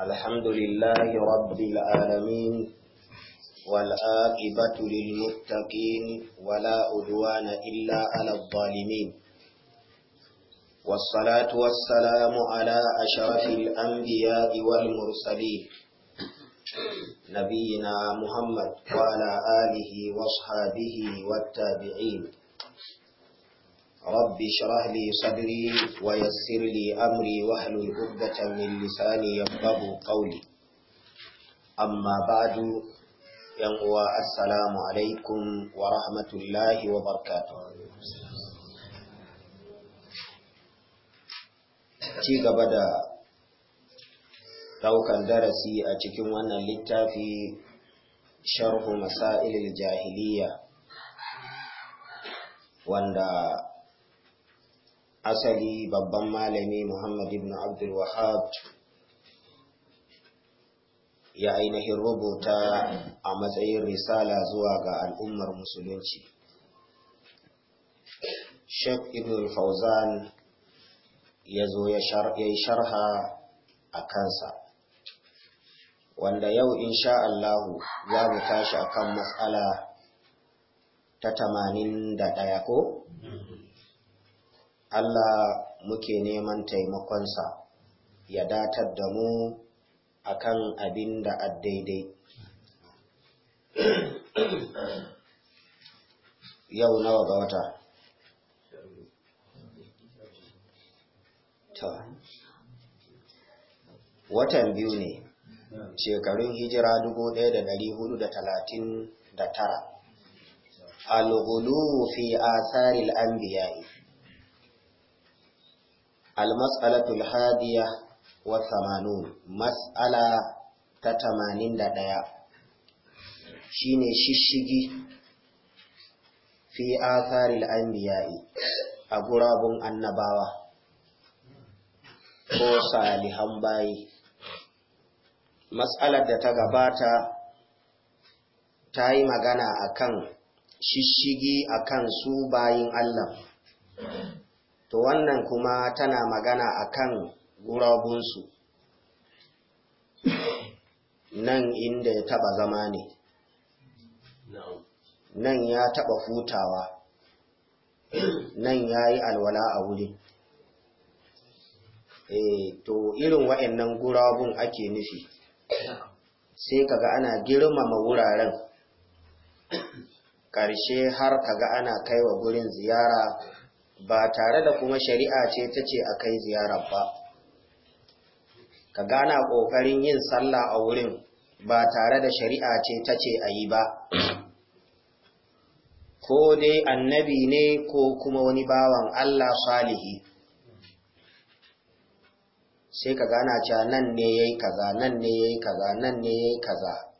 الحمد لله رب العالمين والآقبة للمتقين ولا أدوان إلا على الظالمين والصلاة والسلام على أشرف الأنبياء والمرسلين نبينا محمد وعلى آله واصحابه والتابعين رب اشرح لي صدري ويسر لي أمري واحلل عقدة من لساني يفقه قولي أما بعد ينقوى السلام عليكم ورحمة الله وبركاته ci gaba da daukan darasi a cikin wannan littafi sharhu masailil jahiliya wanda asali babban malami Muhammad ibn Abdul Wahab ya ainihin rubuta a matsayin risala zuwa ga al'ummar musulunci. Sheikh Ibn Fauzan ya zo ya sharha a kansa, wanda yau insha Allahu za mu tashi akan kan matsala ta tamanin da ɗaya ko? Allah muke neman taimakonsa ya datar da mu akan abin da daidai. Yau nawa ga wata? Watan biyu ne, shekarun hijira ɗaya da 1439, al a fi asaril anbiya'i. almas'alatul hadiya wa samanun mas'ala ta tamanin da ɗaya shine shishigi fi atharil anbiya'i a gurabun annabawa ko salihan bayi Matsalar da ta gabata ta yi magana akan shishigi akan su bayin Allah to wannan kuma tana magana a kan gurabunsu nan inda ya taba zama ne nan ya taba futawa. nan ya yi alwala a wuri e, to irin wa'annan gurabun ake nufi sai kaga ana girmama wuraren ƙarshe har kaga ana kaiwa gurin ziyara ba tare da kuma shari'a ce ta ce a kai ziyarar ba ka gana ƙoƙarin yin sallah a wurin ba tare da shari'a ce ta ce a yi ba ko dai annabi ne ko kuma wani bawan Allah salihi sai ka gana cewa nan ne yayi kaza nan ne yayi kaza nan ne yayi kaza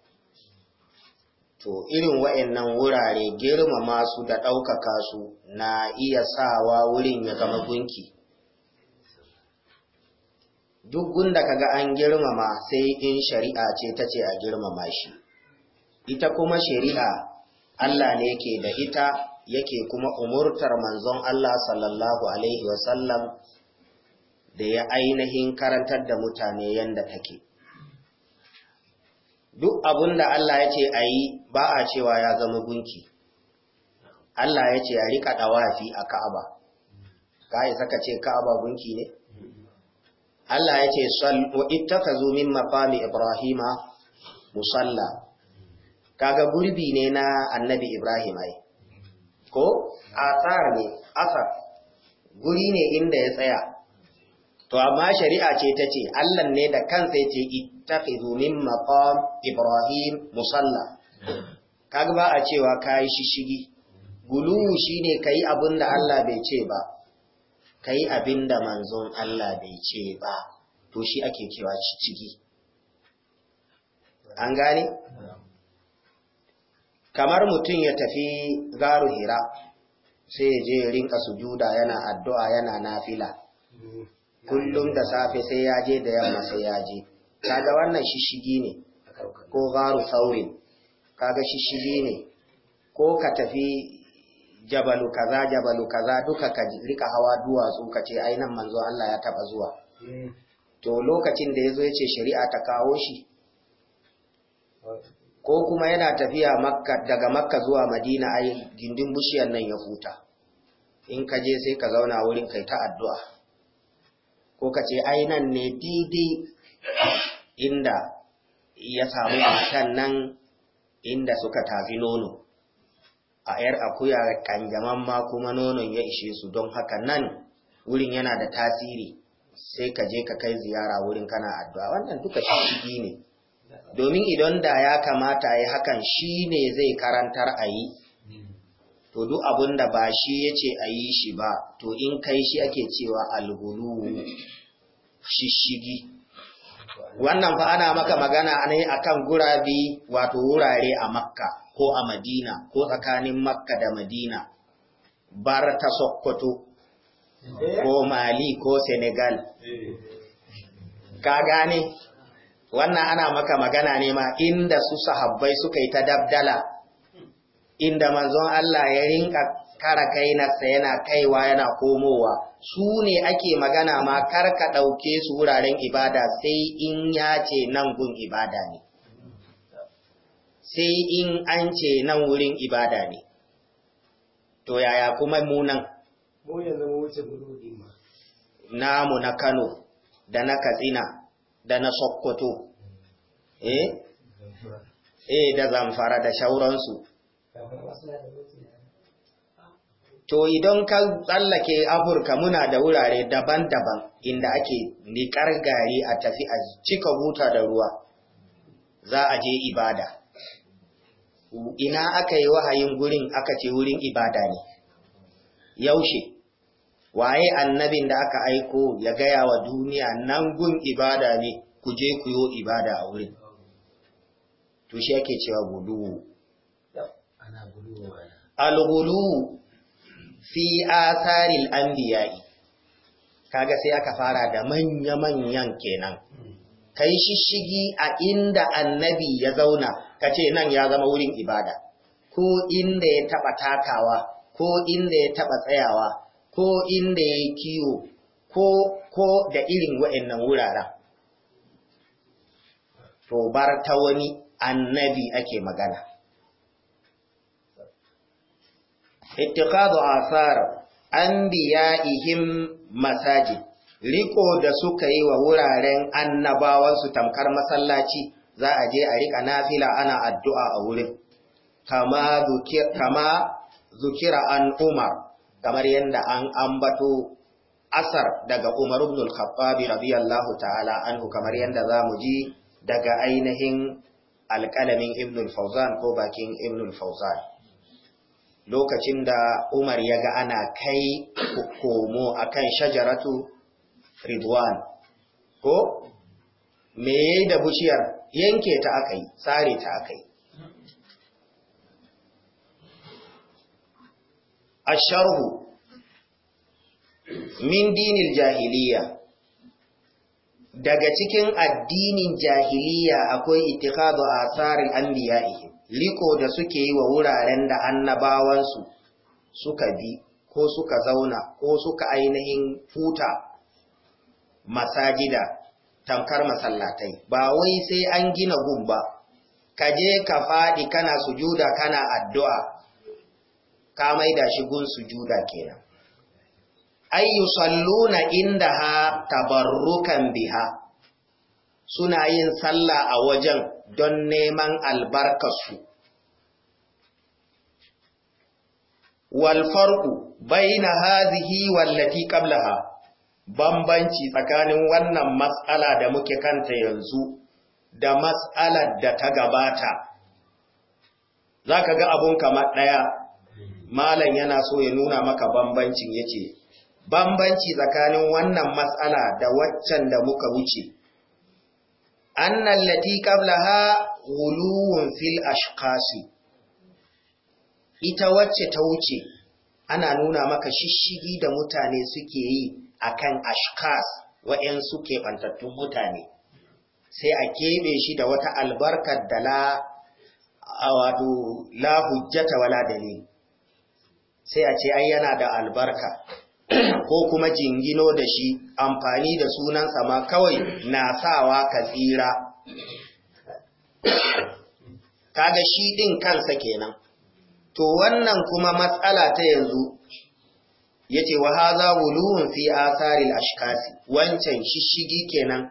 to irin wa'annan wurare girmama su da ɗaukaka su na iya sawa wurin ya zama gunki duk gunda kaga an girmama sai in shari'a ce ta ce a girmama shi ita kuma shari'a Allah ne ke da ita yake kuma umurtar manzon Allah sallallahu alaihi wasallam da ya ainihin karantar da mutane yanda take duk abun da Allah ya ce a yi ba a cewa ya zama gunki. Allah ya ce a riƙa ɗawafi a Ka'aba, ka isa ka ce Ka'aba gunki ne? Allah ya ce, ita ka zo min mafami Ibrahima musalla, kaga gurbi ne na annabi Ibrahim ai, ko? Asar ne, asar, guri ne inda ya tsaya, to amma shari'a ce ta ce, Allah ne da kansa ya ce, tattakidu min maqam Ibrahim musalla kaga ba a cewa kai shishigi gulu shine kai abinda Allah bai ce ba kai abinda manzon Allah bai ce ba to shi ake cewa shishigi an gane kamar mutum ya tafi garu hira sai ya je rinka sujuda yana addu'a yana nafila kullum da safe sai ya je da yamma sai ya je kaga wannan shishigi ne ko garu saurin kaga shishigi ne ko ka tafi jabalu kaza jabalu kaza duka ka rika hawa duwatsu ka ce ai nan manzo Allah ya taba zuwa hmm. to lokacin da yazo yace shari'a ta kawo shi ko kuma yana tafiya daga makka zuwa madina ai gindin bushiyar nan ya huta in ka je sai ka zauna wurin kai ta addu'a ko ka ce ai nan ne didi inda ya samu matan nan inda suka tafi nono a ‘yar akuya kanjaman ma kuma nonon ya ishe su don haka nan wurin yana da tasiri sai ka je ka kai ziyara wurin kana addu'a wannan duka shi ne domin idan da ya kamata ya hakan shi ne zai karantar a yi to duk abin ba shi ya ce a yi shi ba to in kai shi ake cewa algulu shishigi wannan fa ana maka magana ne kan gurabi wato wurare a makka ko a madina ko tsakanin makka da madina bar ta sokoto ko mali ko senegal ka gane wannan ana maka magana ne ma inda su sahabbai suka yi ta dabdala inda manzon Allah ya rinka kara gainarsa yana kaiwa yana komowa su ne ake magana ma kar ka ɗauke su wuraren ibada sai in ya ce nan gun ibada ne sai in an ce nan wurin ibada ne to yaya kuma munan namu na kano da na katsina da na sokoto eh eh da zamfara da shauransu to idan ka tsallake afirka muna da wurare daban-daban inda ake niƙar gari a tafi a cika buta da ruwa za a je ibada ina aka yi wahayin gurin aka ce wurin ibada ne yaushe waye annabin da aka aiko ya gaya wa duniya nan gun ibada ne ku je ku yi ibada a wurin to shi ake cewa gudu al fi atharil anbiya'i kaga sai aka fara da manya-manyan kenan kai shishigi a inda annabi ya zauna kace nan ya zama wurin ibada ko inda ya taba takawa ko inda ya taba tsayawa ko inda ya kiwo ko ko da irin wa'annan wuraren to bar ta wani annabi ake magana ittikhadu asar anbiya'ihim masajid riko da suka yi wa wuraren annabawansu tamkar masallaci za a je a rika nafila ana addu'a a wurin kama zukira an umar kamar yadda an ambato asar daga umar ibn al-khattab radiyallahu ta'ala anhu kamar yadda zamu ji daga ainihin alƙalamin ibn al-fawzan ko bakin ibn al-fawzan lokacin da Umar ya ga ana kai komo akan shajaratu Ridwan ko me ya yi da bushiyar yanke ta yi, tsare ta A sharhu, min dinil jahiliya daga cikin addinin jahiliya akwai itikadu a tsarin an biya anbiya'i Liko da suke yi wa wuraren da annabawansu suka bi ko suka zauna ko suka ainihin futa masajida tamkar masallatai ba wai sai an gina gumba ka je ka faɗi kana sujuda kana addu'a ka maida shi gun sujuda kenan ay inda indaha tabarrukan biha suna yin sallah a wajen don neman albarkarsu. Walfarku bai na hazihi wallafi ƙablaha, bambanci tsakanin wannan matsala da muke kanta yanzu da matsalar da ta gabata. Za ka ga abun kama ɗaya, Malam yana so ya nuna maka bambancin ya Bambanci tsakanin wannan matsala da waccan da muka wuce. annan lati qablaha guluwun fil ashqasi ita wacce ta wuce ana nuna maka shishigi da mutane suke yi a kan wa'en suke bantattun mutane sai a keɓe shi da wata albarkar da la wato hujjata wala dalil sai a ce ai yana da albarka ko kuma jingino da shi amfani da sunansa ma kawai na sawa ka tsira kaga shi din kansa kenan to wannan kuma matsala ta yanzu yace wa haza wuluhun fi asaril ashkasi wancan shishigi kenan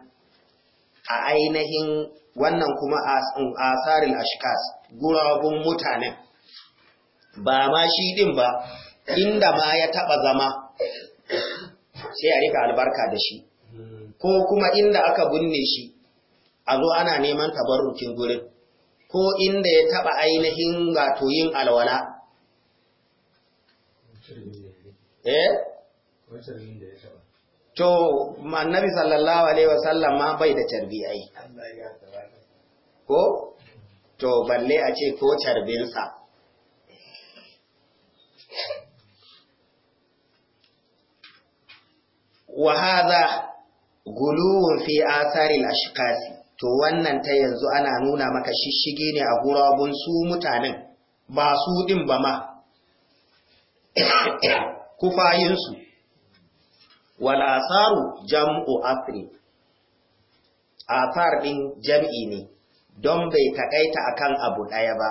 a ainihin wannan kuma um, asaril ashkas gurabun mutanen ba ma shi din ba inda ma ya taba zama sai a rika albarka da shi ko kuma inda aka binne shi a zo ana neman tabarrukin gurin ko inda ya taba ainihin wato yin alwala eh to annabi sallallahu alaihi wasallam ma bai da tarbi ai ko to balle a ce ko carbinsa وهذا غلو في fi asarin to wannan ta yanzu ana nuna maka shishige ne a gurabun su mutanen ba su din ba ma kufayinsu wal'asaru jam'u afri asar ɗin jam'i ne don bai takaita akan abu ɗaya ba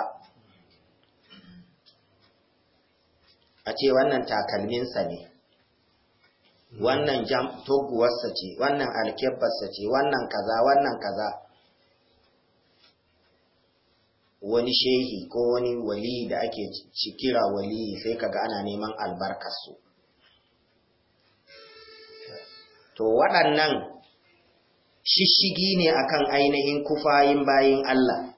a ce wannan takalminsa ne wannan jam toguwarsa ce wannan alkebarsa ce wannan kaza wannan kaza wani shehi ko wani wali da ake cikira wali sai kaga ana neman albarkarsu to waɗannan shishigi ne akan ainihin kufayin bayin Allah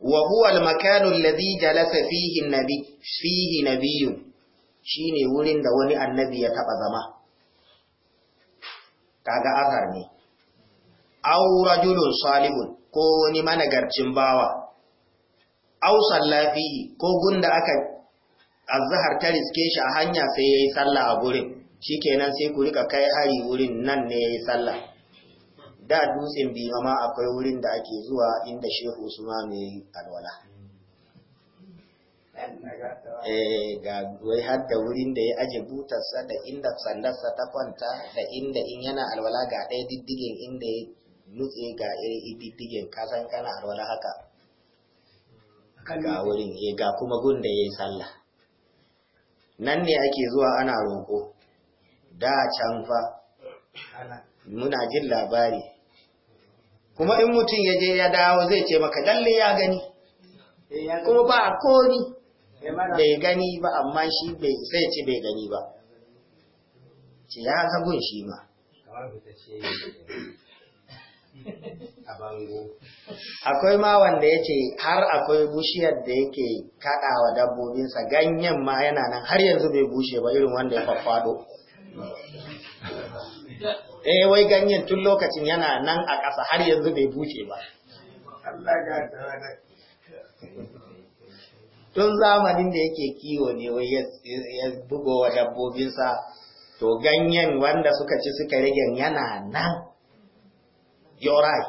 wa huwa al-makanu alladhi jalasa fihi nabi fihi nabiyyun Shi ne wurin da wani annabi ya taɓa zama kaga asar ne Aura, rajulun salihun ko wani managarcin bawa Ausar lafiyi ko gunda aka azhar ta riske shi a hanya sai yayi sallah a gurin kenan sai ku rika kai hari wurin nan ne yayi sallah da dutsen bima ma akwai wurin da ake zuwa inda shehu usman mai alwala eh ga wai har da wurin da ya aje butarsa da inda sandarsa ta kwanta da inda in yana alwala ga ɗaya diddigen inda ya nutse ga irin diddigen kasan kana alwala haka ga wurin eh, ga kuma gun da ya yi sallah nan ne ake zuwa ana roƙo da can fa muna jin labari kuma in mutum ya je ya dawo zai ce maka dalle eh, ya gani kuma ba koni bai gani ba amma shi bai sai ce bai gani ba ce ya zagun shi ma akwai ma wanda ya ce har akwai bushiyar da yake kaɗawa dabbobinsa ganyen ma yana nan har yanzu bai bushe ba irin wanda ya faffado eh wai ganyen tun lokacin yana nan a ƙasa har yanzu bai bushe ba tun zamanin da yake kiwo ne wai ya bugo wa dabbobinsa to ganyen wanda suka ci suka rage yana nan yorai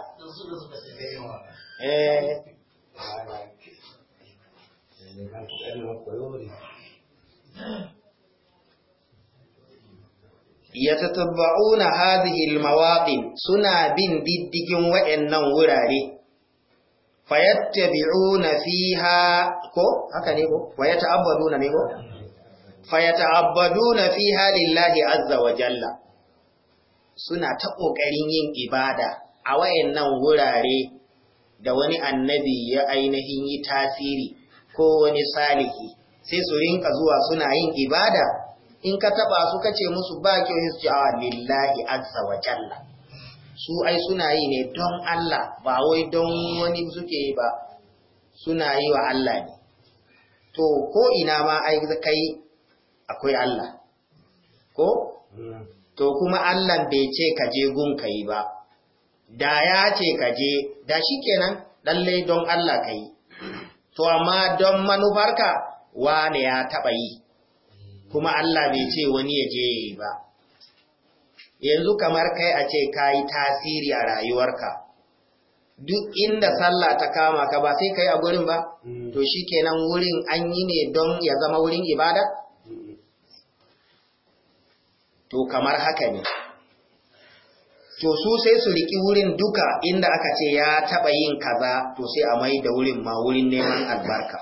Ya eh. yatatabba'una hadhihi almawaqin suna bin diddigin waɗannan wurare fayattabi'una fiha ko haka ne ko fayata'abbaduna ne ko fayata'abbaduna fiha lillahi azza wa jalla suna ta kokarin yin ibada a wayannan wurare da wani annabi ya ainihin yi tasiri ko wani salihi sai su rinka zuwa suna yin ibada in ka taba su kace musu ba kyau su lillahi azza wa jalla su ai suna yi ne don Allah ba wai don wani suke yi ba suna yi wa Allah ne to ko ina ma ai kai akwai Allah ko hmm. to kuma Allah bai ce ka je gun ka yi ba da ya ce ka je da shikenan lallai don Allah ka yi to amma don manufarka wane ya taba yi kuma Allah bai ce wani ya je ya yi ba yanzu kamar kai a ce ka yi tasiri a rayuwarka duk inda sallah ta kama ka ba sai ka yi a gurin ba mm. to shi kenan wurin an yi ne don ya zama wurin ibada mm. to kamar haka ne to su sai su riki wurin duka inda aka ce ya taɓa yin kaza to sai a mai da wurin ma wurin neman albarka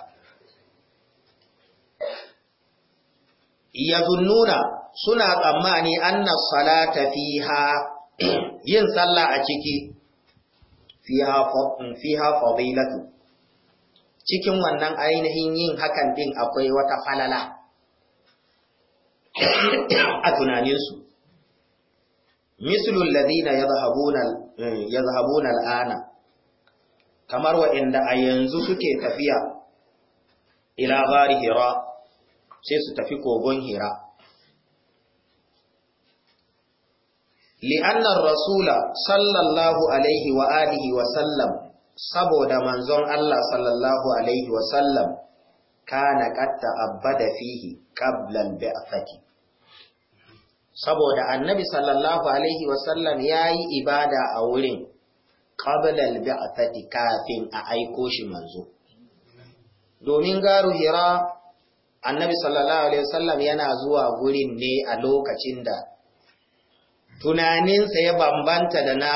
ya zunnuna suna tsammani annas salata fiha yin sallah a ciki fiha fiha fadilatu cikin wannan ainihin yin hakan din akwai wata falala a tunaninsu mislul ladina yadhhabuna yadhhabuna al'ana kamar wa'inda a yanzu suke tafiya ila gari hira sai su tafi kogon hira li'annar rasula sallallahu alaihi wa wa sallam saboda manzon Allah sallallahu alaihi wa sallam kana qatta abada fihi qabla al-ba'thati saboda annabi sallallahu alaihi wa sallam yayi ibada a wurin qabla al-ba'thati kafin a aiko shi manzo domin garu hira annabi sallallahu alaihi wa sallam yana zuwa wurin ne a lokacin da tunaninsa ya bambanta da na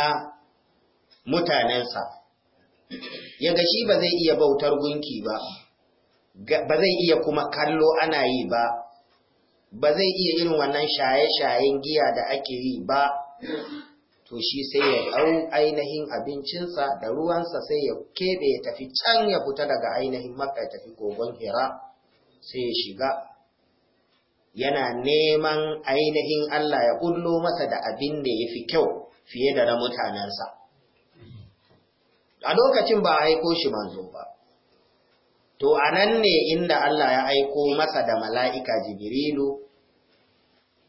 mutanensa, yaga shi ba zai iya bautar gunki ba, ba zai iya kuma kallo ana yi ba, ba zai iya irin wannan shaye-shayen giya da ake yi ba, to shi sai ya ɗau ainihin abincinsa da ruwansa sai ya keɓe ya tafi can ya fita daga ainihin maka ya tafi kogon hira sai ya shiga yana neman ainihin Allah ya kullo masa da abin da ya fi kyau fiye da na mutanensa. A lokacin ba a aiko shi manzo ba, to a nan ne inda Allah ya aiko masa da mala'ika Jibrilu,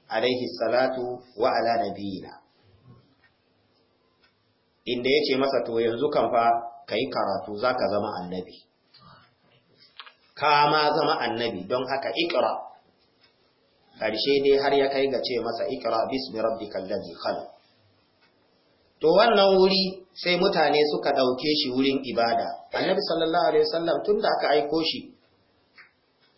alaihi salatu wa ala nabiyina. Inda ya ce masa to yanzu kan fa ka yi karatu za ka zama annabi, ka ma zama annabi don haka ikira. ƙarshe dai har ya kai ga ce masa ikra bismi rabbikal ladzi khalaq to wannan wuri sai mutane suka ɗauke shi wurin ibada annabi sallallahu alaihi wasallam tunda aka aiko shi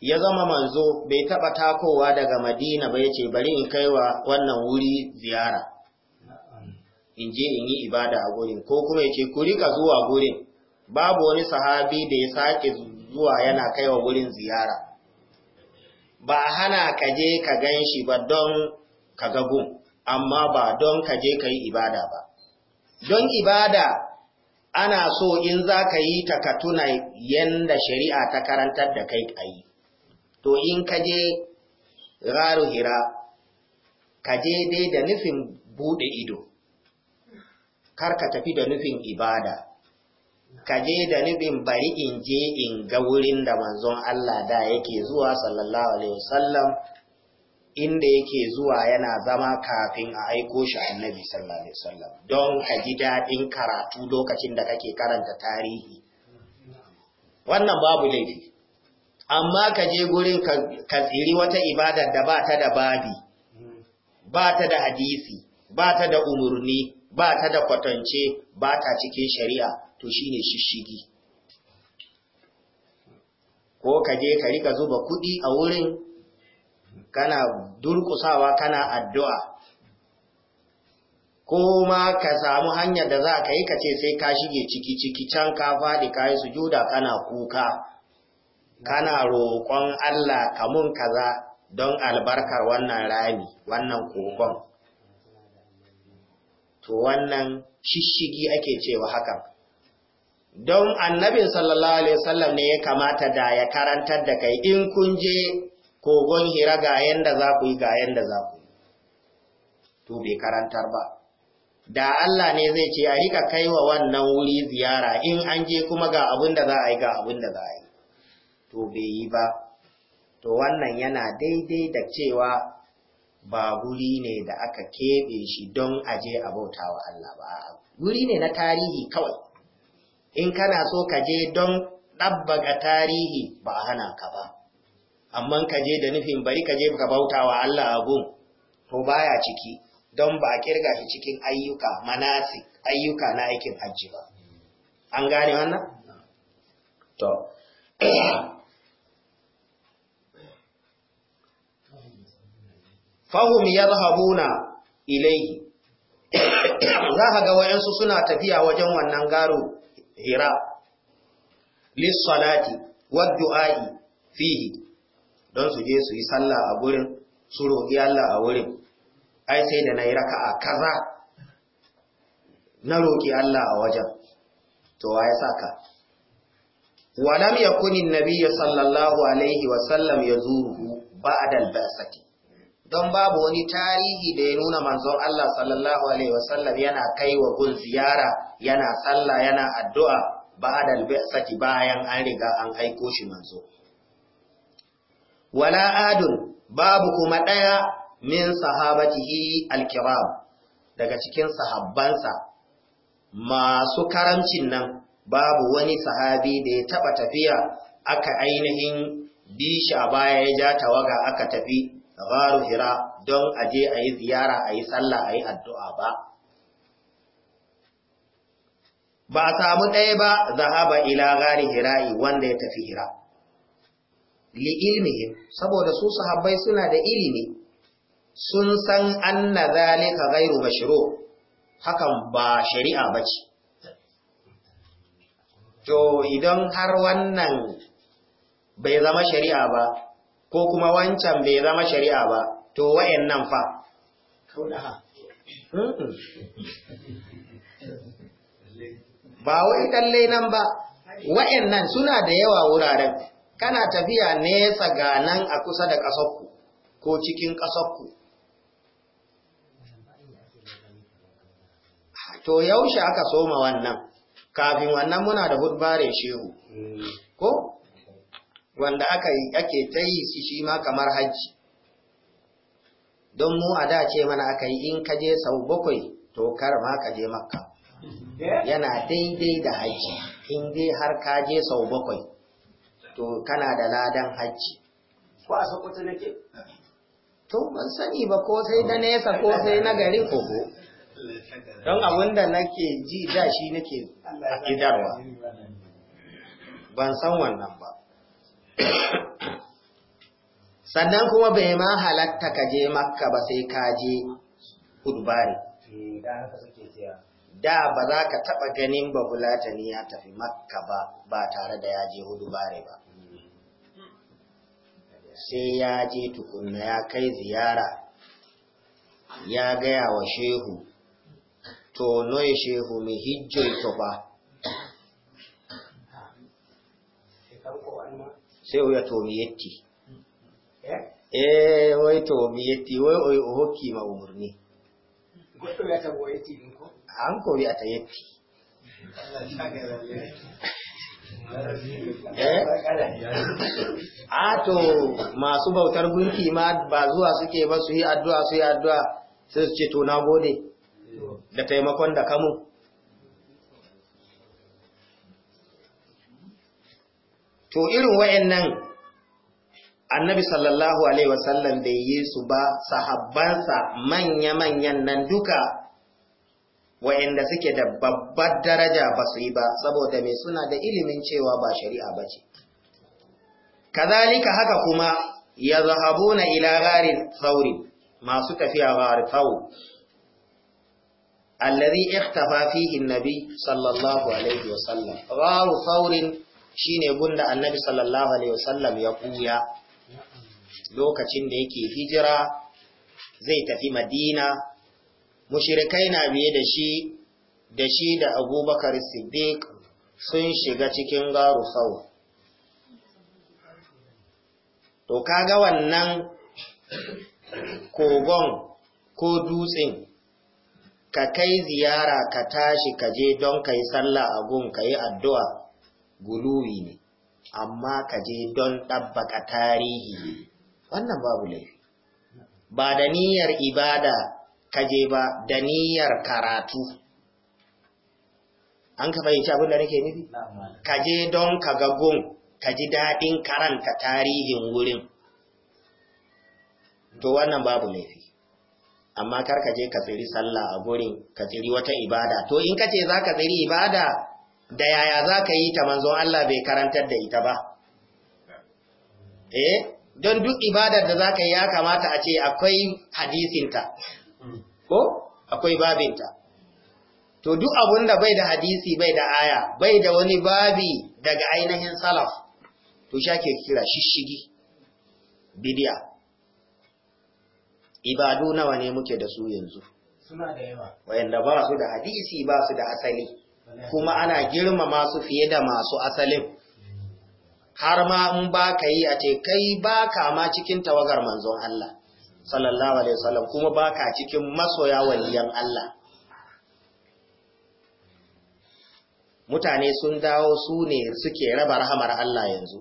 ya zama manzo bai taɓa takowa daga madina ba yace bari in kaiwa wannan wuri ziyara in je in yi ibada a gurin ko kuma yace ku rika zuwa gurin babu wani sahabi da ya sake zuwa yana kaiwa gurin ziyara ba hana ka je ka gan shi ba don ka gagun amma ba don ka je ka yi ibada ba don ibada ana so in za ka yi ta ka tuna yadda shari'a ta karantar da kai a yi to in ka je raru hira ka je dai da nufin buɗe ido kar ka tafi da nufin ibada ka je da nufin bari in je in ga wurin da manzon Allah da yake zuwa sallallahu alaihi wasallam inda yake zuwa yana zama kafin a aiko shi annabi sallallahu alaihi wasallam don ka ji daɗin karatu lokacin da kake karanta tarihi wannan babu laifi amma ka je gurin ka tsiri wata ibadar da ba ta da babi ba ta da hadisi ba ta da umurni ba ta da kwatance ba ta cikin shari'a to shine shishigi ko ka je ka rika zuba kuɗi a wurin kana durkusawa kana addu'a ko ma ka samu hanyar da za ka yi ka ce sai ka shige ciki-ciki can ka faɗi ka yi sujuda kana kuka kana roƙon Allah kamun kaza don albarkar wannan rami wannan kokon to wannan shishigi ake cewa hakan don annabin sallallahu alaihi wasallam ne ya kamata da ya karantar da kai in kun je kogon hira ga yanda za ku yi ga yanda za ku to bai karantar ba da Allah ne zai ce a rika kai wa wannan wuri ziyara in an je kuma ga abin da za a yi ga abin da za a yi to bai yi ba to wannan yana daidai da cewa ba guri ne da aka keɓe shi don aje a bauta wa Allah ba guri ne na tarihi kawai in kana so ka je don ɗabbaga tarihi ba a hana ka ba amma ka je da nufin bari ka je ka bauta wa Allah abun. ko to baya ciki don ba a kirga shi cikin ayyuka manasi, ayyuka na aikin hajji ba an gane wannan to fahum yarhabuna ilayhi za ka ga wayansu suna tafiya wajen wannan garo hira lissalati waddu'a'i fihi don su je su yi sallah a gurin su roƙi Allah a wurin ai sai da nayi raka'a kaza na roƙi Allah a wajen to waye saka lam yakuni an sallallahu alaihi wa sallam yazuru ba'da al-ba'sati don babu wani tarihi da ya nuna manzon Allah sallallahu Alaihi wasallam yana kai wa gun ziyara yana sallah yana addu'a ba da saki bayan an riga an aiko shi manzo. Wala adun babu kuma ɗaya min sahabatihi alkiram daga cikin sahabbansa masu karamcin nan babu wani sahabi da ya taɓa tafiya aka ainihin bi shi a baya ya ja tawaga aka tafi gabaru hira don aje a yi ziyara a yi sallah a yi addu'a ba. Ba a samu ɗaya ba zahaba ila gari hira'i wanda ya tafi hira. Li ilmihim, saboda su sahabbai suna da ilimi, sun san anna zalika gairu bashiro, hakan ba shari'a ba ce. To, idan har wannan bai zama shari'a ba, ko kuma wancan bai zama shari'a ba to wayan nan fa ba wai kalle nan ba wayan nan suna da yawa wuraren kana tafiya nesa ga nan a kusa da ƙasarku ko cikin ƙasarku to yaushe aka soma wannan kafin wannan muna da hudbare shehu mm. ko wanda aka yi ake ta yi su shi ma kamar hajji don mu a da ce mana aka yi in kaje sau bakwai to kar ma ka je makka yana daidai da hajji in dai har ka je sau bakwai to kana da ladan hajji ko a sokoto nake to ban sani ba ko sai da nesa ko sai na garin ko don abin da nake ji da shi nake gidarwa ban san wannan ba sannan kuma bai ma halatta ka je makka ba sai ka je hudubari eh, da ba za ka taɓa ganin babulatani ya tafi makka ba ba tare da ya je hudubari ba sai ya je tukunna ya kai ziyara ya gaya wa shehu to noye shehu mai to ba sai o ya to mi yetti eh? eh wai to mi yetti wai o hokki ma umurni goɗɗo wiyata bo yetti ɗum ko an ko ta yetti eh? a ah, to masu bautar gunki ma ba zuwa suke ba su yi addu'a su yi addu'a sai su ce to na gode da taimakon da kamun to irin wayannan annabi sallallahu alaihi wasallam bai yi su ba sahabbansa manya-manyan nan duka wayanda suke da babbar daraja ba su yi ba saboda mai suna da ilimin cewa ba shari'a ba ce kazalika haka kuma ya zahabuna ila gharin sauri masu tafiya gharin sauri الذي اختفى فيه النبي Sallallahu alaihi عليه shine gunda annabi sallallahu alaihi wasallam ya kuya lokacin da yake hijira zai tafi madina mushirikai na biye da shi da shi da abubakar siddiq sun shiga cikin garu sau to kaga wannan kogon ko dutsen ka kai ziyara ka tashi ka je don ka yi sallah a gun ka yi addu'a guluwi ne amma ka je don ɗabbaka tarihi wannan babu laifi ba da niyyar ibada ka je ba da niyyar karatu an ka fahimci abin da nake nufi ka je don ka ga gun ka ji daɗin karanta tarihin wurin to wannan babu laifi amma kar ka je ka tsiri sallah a gurin ka tsiri wata ibada to in ka ce za ka tsiri ibada da yaya za ka yi ta manzon Allah bai karantar da ita ba. Eh, don duk ibadar da za ka yi ya kamata a ce akwai hadisinta, ko akwai babinta. To, duk abun da bai da hadisi bai da aya, bai da wani babi daga ainihin salaf, to sha ke kira shishigi, bidiya. Ibadu nawa ne muke da su yanzu? Suna da yawa. Wayanda ba su da hadisi ba su da asali. kuma ana girmama su fiye da masu asalin har ma in ba ka yi a ce kai ba ka ma cikin tawagar manzon Allah sallallahu alaihi wasallam kuma ba ka cikin masoya waliyan Allah mutane sun dawo su ne suke raba rahamar Allah yanzu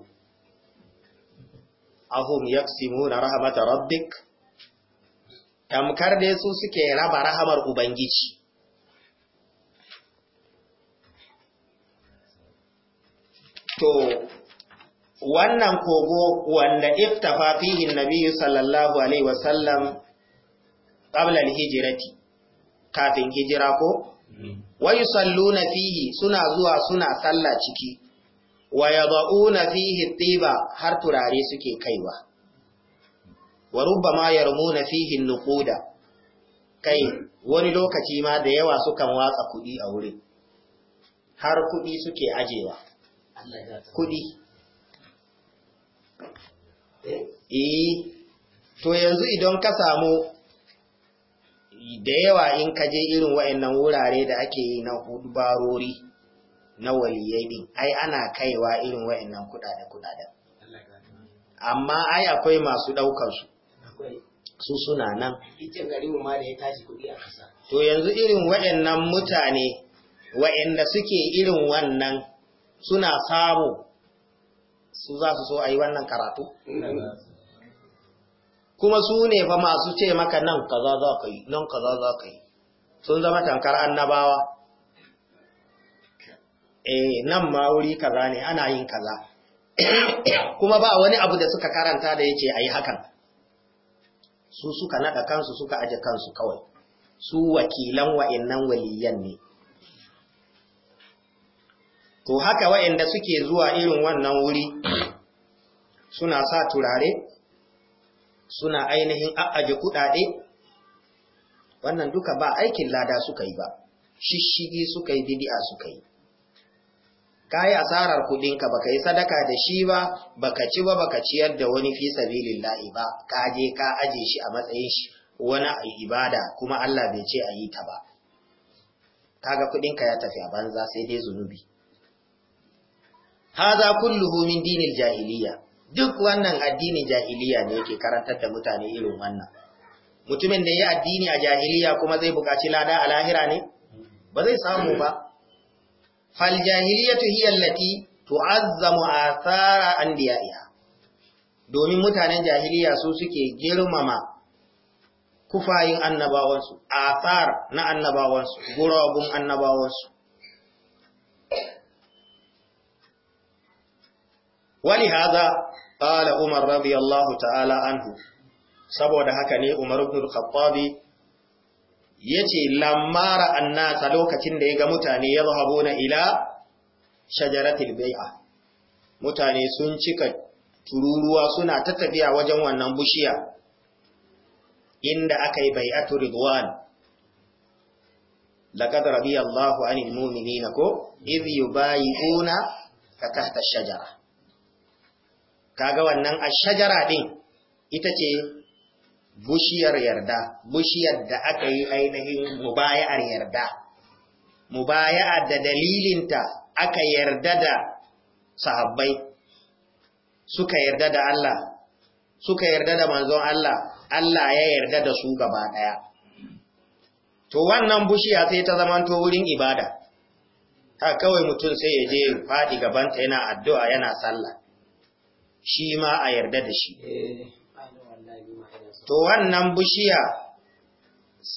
ahum yaqsimuna rahmat rabbik tamkar dai su suke raba rahamar ubangiji to wannan kogo wanda iftafa fihi nabi sallallahu alaihi wasallam qabla al kafin hijira ko hmm. wa yusalluna fihi suna zuwa suna salla ciki wa yad'una fihi tiba har turare suke kaiwa wa rubbama yarmuna fihi nuquda kai hmm. wani lokaci ma da yawa sukan watsa kuɗi a wurin har kuɗi suke ajewa kuɗi eh to yanzu idan ka samu da yawa in ka je irin wa'annan wurare da ake yi na barori na waliyai din ai ana kaiwa irin wa'annan kudade da, amma ai akwai masu ɗaukansu su suna nan to yanzu irin wa'annan mutane wa'anda suke irin wannan suna samu su za su so a yi wannan karatu kuma su ne fa masu ce maka nan kaza za ka yi nan kaza za ka yi sun zama tankar annabawa eh nan ma wuri kaza ne ana yin kaza kuma ba wani abu da suka karanta da yake ayi hakan su suka nada kansu suka aje kansu kawai su wakilan nan waliyan ne to haka waɗanda suke zuwa irin wannan wuri suna sa turare suna ainihin a'aje kuɗaɗe wannan duka ba aikin lada suka yi ba shishigi suka yi bidi'a suka yi ka yi asarar kuɗinka baka yi sadaka da shi ba baka ci ba baka ciyar da wani fi sabilillahi ba ka je ka aje shi a matsayin shi wani ibada kuma Allah bai ce a yi ta ba kaga kuɗinka ya tafi a banza sai dai zunubi haza kulluhu min dinil jahiliya duk wannan addinin jahiliya ne yake karantar da mutane irin wannan mutumin da ya addini a jahiliya kuma zai buƙaci lada a lahira ne ba zai samu ba fal jahiliyatu hiya allati tu'azzamu athara anbiya'iha domin mutanen jahiliya su suke girmama kufayin annabawansu athar na annabawansu gurabun annabawansu wali haza qala umar radiyallahu ta'ala anhu saboda haka ne umar ibn al-khattabi yace lamara annasa lokacin da yaga mutane na ila shajaratil bai'a mutane sun cika tururuwa suna ta tafiya wajen wannan bushiya inda aka bai'atu ridwan لقد رضي الله ko المؤمنين كو إذ يبايعون فتحت الشجرة kaga wannan ashajara din ita ce bushiyar yarda bushiyar da aka yi ainihin mubaya'ar yarda mubaya'a da dalilinta aka yarda da sahabbai suka yarda da Allah suka yarda da manzon Allah Allah ya yarda da su gaba daya to wannan bushiya sai ta zamanto wurin ibada ha kawai mutum sai ya je faɗi gabanta yana addu'a yana sallah shi ma a yarda da shi eh, to wannan bishiya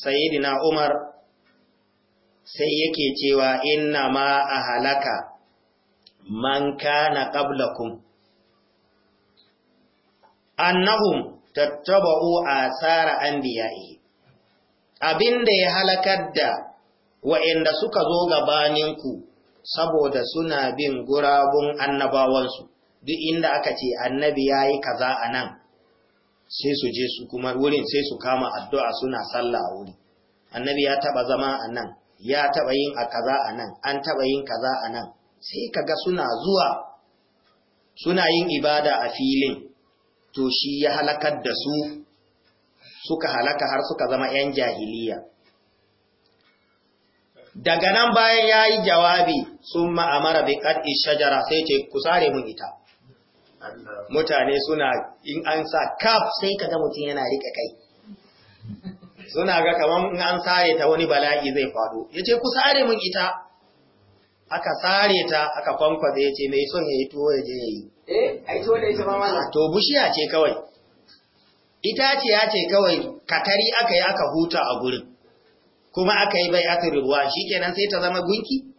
sayyidina umar sai yake cewa inna ma a halaka man kana qablakum annahum tattaba'u asara anbiya'i abinda ya halakar da wa'inda suka zo gabaninku saboda suna bin gurabun annabawansu duk inda aka ce annabi ya yi kaza a nan sai su je su kuma wurin sai su kama addu'a suna sallah a wuri annabi ya taba zama a nan ya taba yin a kaza a nan an taba yin kaza a nan sai kaga suna zuwa suna yin ibada a filin to shi ya halakar da su suka halaka har suka zama ‘yan jahiliya. Daga nan bayan ya yi jawabi sun ma'amara bai ƙad'i shajara sai ce, Ku tsare mun ita, mutane suna in an sa kaf sai ka ga mutum yana rika kai suna ga kamar in an sare ta wani bala'i zai faɗo ya ce ku sare mun ita aka sare ta aka kwankwaza ya ce mai son ya yi tuwo ya je ya yi eh, tuwo da ita to bushiya ce kawai ita ce kawai katari aka yi aka huta a gurin kuma aka yi bai ruwa shi kenan sai ta zama gunki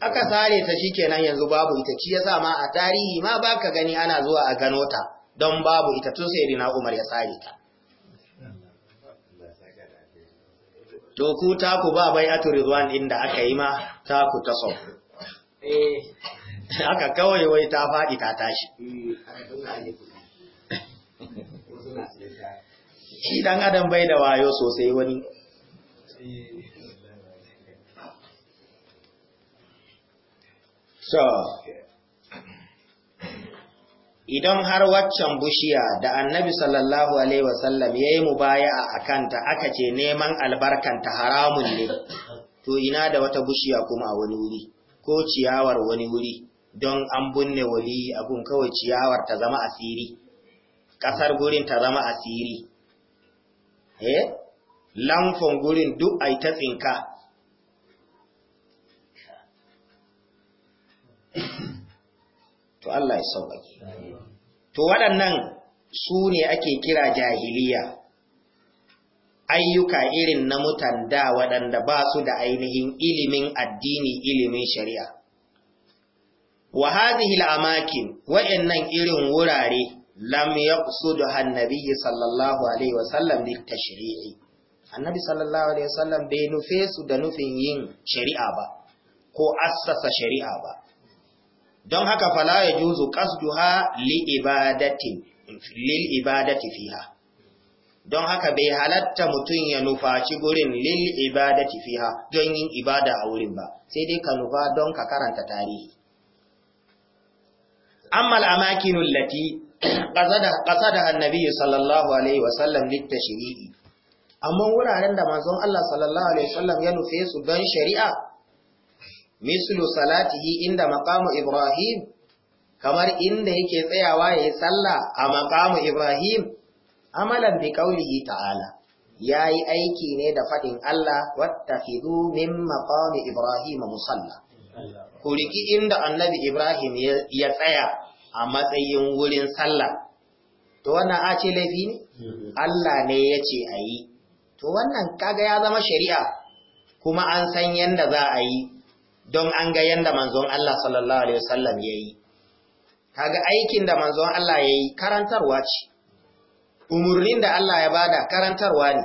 aka sare ta shikenan yanzu babu ita ci yasa ma a tarihi ma baka gani ana zuwa a gano ta don babu ita tun sai na Umar ya sare ta to ku ta ku ba bai atu Rizwan inda aka yi ma ta ku ta so eh aka kawai wai ta faɗi ta tashi shi dan adam bai da wayo sosai wani eh. So, idan har waccan bushiya da annabi sallallahu Alaihi wasallam ya yi baya a kanta aka ce neman albarkanta haramun ne, to ina da wata bushiya kuma a wani wuri, ko ciyawar wani wuri, don an binne wali abun kawai ciyawar ta zama asiri, ƙasar gurin ta zama asiri. Eh? Lamfon gurin duk ai ta tsinka, to Allah ya sauƙaƙe to waɗannan su ne ake kira jahiliya ayyuka irin na mutan da waɗanda ba su da ainihin ilimin addini ilimin shari'a. Wa hadhihi al-amakin irin wurare lam yaqsudu an-nabiy sallallahu alaihi wa sallam bi tashri'i. Annabi sallallahu alaihi wa sallam bai nufe su da nufin yin shari'a ba ko assasa shari'a ba. don haka fala ya juzu qasduha li'ibadatin lil ibadati fiha don haka bai halatta mutum ya nufaci gurin lil ibadati fiha don yin ibada a wurin ba sai dai ka nufa don ka karanta tarihi amma al-amakinul lati qasadaha da nabiy sallallahu alaihi wasallam litashri'i amma wuraren da manzon Allah sallallahu alaihi wasallam ya nufe su don shari'a mislu salatihi inda maqamu Ibrahim kamar inda yake tsayawa yayi sallah a maqamu Ibrahim amalan bi qaulihi ta'ala yayi aiki ne da faɗin Allah wattakhidhu min maqami Ibrahim musalla ku riki inda annabi Ibrahim ya tsaya a matsayin wurin sallah to wannan a ce laifi ne Allah ne ya ce a yi to wannan kaga ya zama shari'a kuma an san yadda za a yi don an ga yanda manzon Allah sallallahu alaihi wasallam yayi kaga aikin da manzon Allah yayi karantarwa ce umurnin da Allah ya bada karantarwa ne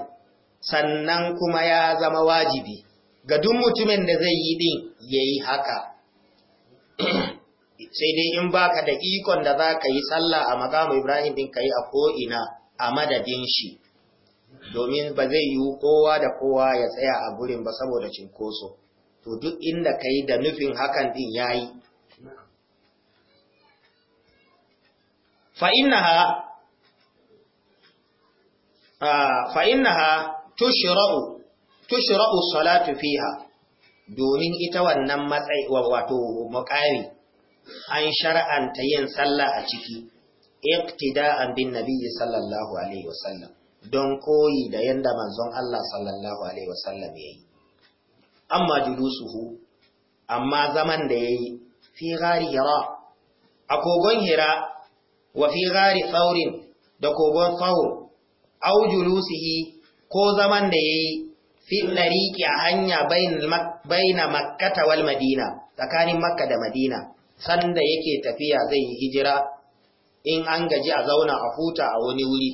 sannan kuma ya zama wajibi ga duk mutumin da zai yi din yayi haka sai dai in baka da ikon da zaka yi sallah a makamu Ibrahim din yi a ko'ina a madadin shi domin ba zai yi kowa da kowa ya tsaya a gurin ba saboda cinkoso to duk inda ka yi da nufin hakan din ya yi na tushra'u tushra'u salatu fiha domin ita wannan matsayi wato makari an shar'anta yin sallah a ciki an bin nabi sallallahu alaihi wasallam don koyi da yanda manzon Allah sallallahu alaihi wasallam yayi amma julusuhu amma zaman da yayi yi fi gari hira a kogon hira wa fi gari saurin da kogon saur au julusihi ko zaman da yayi yi fi ɗariƙi a hanya baina makkata wal madina tsakanin makka da madina sanda yake tafiya zai yi hijira in an gaji a zauna a huta a wani wuri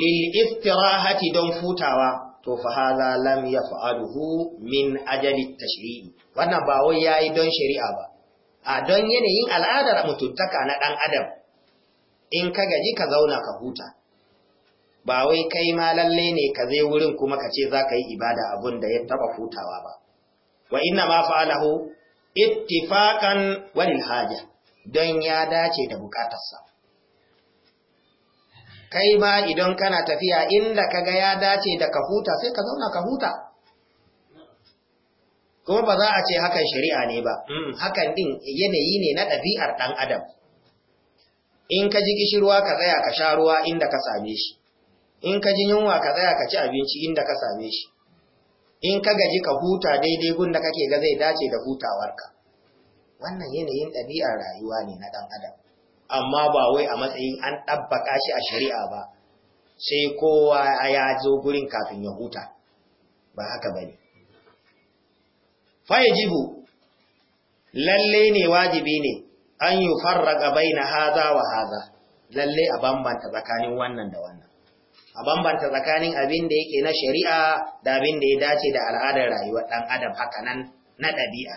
lil istirahati don futawa to fa hadha lam yaf'aluhu min ajali tashri'i wannan ba wai yayi don shari'a ba a don yanayin al'adar mutuntaka na dan adam in ka gaji ka zauna ka huta ba wai kai ma lalle ne ka zai wurin kuma ka ce za ka yi ibada abun da ya taba hutawa ba wa inna ma fa'alahu ittifaqan walil haja don ya dace da bukatarsa kai ba idan kana tafiya inda kaga ya dace da ka huta sai ka zauna ka huta kuma ba za a ce hakan shari'a ne ba hmm. hakan din yanayi ne na ɗabi'ar ɗan adam in ka ji kishirwa ka tsaya ka sha ruwa inda ka same shi in ka ji yunwa ka tsaya ka ci abinci inda ka same shi in ka gaji ka huta daidai gun kake ga zai dace da hutawarka wannan yanayin ɗabi'ar rayuwa ne na ɗan adam amma ba wai a matsayin an ɗabbaƙa shi a shari'a ba sai kowa ya zo gurin kafin ya huta ba haka ba ne fayajibu lalle ne wajibi ne an yi farraga bai na haza wa haza lalle a bambanta tsakanin wannan da wannan a bambanta tsakanin abin da yake na shari'a da abin da ya dace da al'adar rayuwar ɗan adam haka nan na ɗabi'a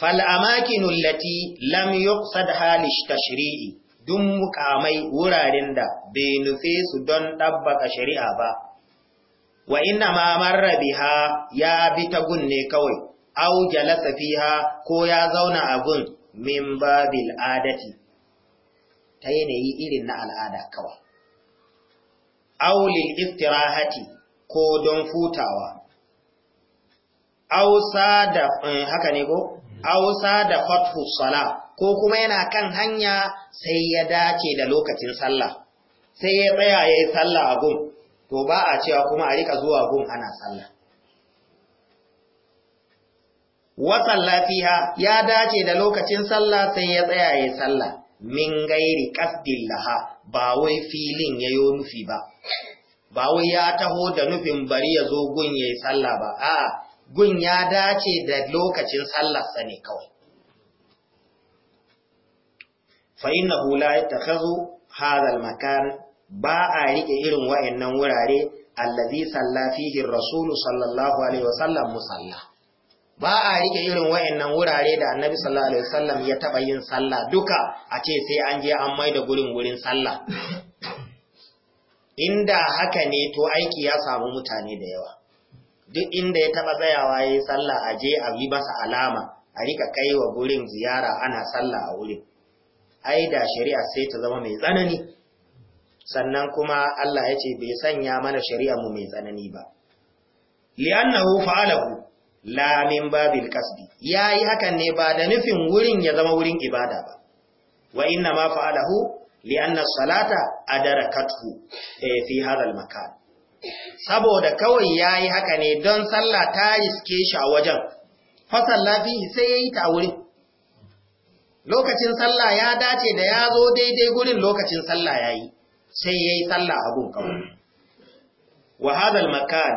fal'amakinun lati lam yuqsad halish tashri'i dun mukamai wuraren da bai nufe su don ɗabbaka shari'a ba, wa ina mamar biha ya bi ta gunne kawai, au jalasa ko ya zauna a gun min babil adati, ta yanayi irin na al'ada kawai. Au lil istirahati ko don futawa, au sada eh, haka ne ko? ausa da fathu sala ko kuma yana kan hanya sai ya dace da lokacin sallah sai ya tsaya ya yi sallah a gun to ba a cewa kuma a rika zuwa gun ana sallah wasan lafiya ya dace da lokacin sallah sai ya tsaya ya yi sallah min gairi kasdin laha ba wai filin ya yi nufi ba ba wai ya taho da nufin bari ya zo gun ya yi sallah ba a'a gun ya dace da lokacin sallarsa ne kawai. Fa'ina hula ya takazo hazal makan ba a riƙe irin wa'yannan wurare allazi sallafihin rasulu sallallahu Alaihi wasallam musalla. Ba a riƙe irin wa'yannan wurare da annabi sallallahu Alaihi wasallam ya taɓa yin sallah duka a ce sai an je an mai da gurin wurin sallah. Inda haka ne to aiki ya samu mutane da yawa. duk inda ya taba tsayawa yi sallah a je a yi masa alama a rika wa gurin ziyara ana sallah a wurin ai da shari'a sai ta zama mai tsanani sannan kuma Allah ya ce bai sanya mana shari'a mu mai tsanani ba li'annahu fa'alahu la min babil qasdi yayi hakan ne ba da nufin wurin ya zama wurin ibada ba wa inna ma fa'alahu li'anna salata adarakathu eh, fi hadha al-makan saboda kawai ya yi haka ne don sallah ta suke shi a wajen, fasalla fihi sai ya yi ta wurin. Lokacin sallah ya dace da ya zo daidai gurin lokacin sallah ya yi, sai ya yi sallah abun kawai. Wahadar Makar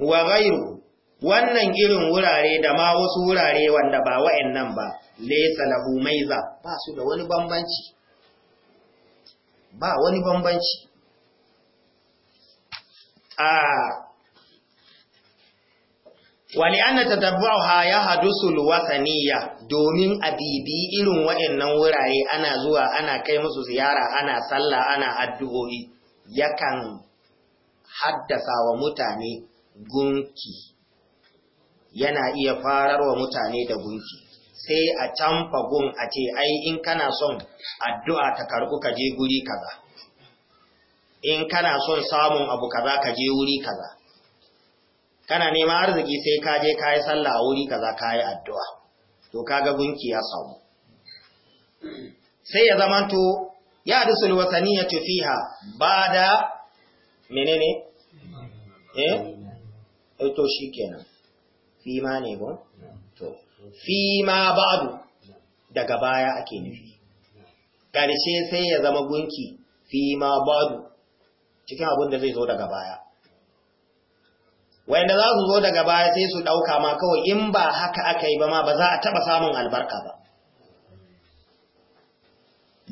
wa gairu, wannan irin wurare da ma wasu wurare wanda ba wa'in nan ba, lesa lahu maiza, ba su da wani bambanci. Ba wani bambanci. Ah. wani an ha ya hadusul wasaniya domin a bibi irin waɗannan wurare ana zuwa ana kai musu ziyara ana sallah ana addu'o'i yakan haddasa wa mutane gunki yana iya farar wa mutane da gunki sai a canfa gun a ce ai in kana son addu'a ta karɓu ka je guri kaza in kana son samun abu kaza ka je wuri kaza kana neman arziki sai ka je ka yi sallah a wuri kaza ka yi addu'a to kaga gunki ya samu sai ya zamanto ya dusul wataniya fiha ba da menene eh, eh to shikenan fi ma ne ba to fi ma ba'du daga baya ake nufi Karshe sai ya zama gunki fi ma ba'du cikin abin da zai zo daga baya wanda za su zo daga baya sai su ɗauka ma kawai in ba haka aka yi ba ma ba za a taɓa samun albarka ba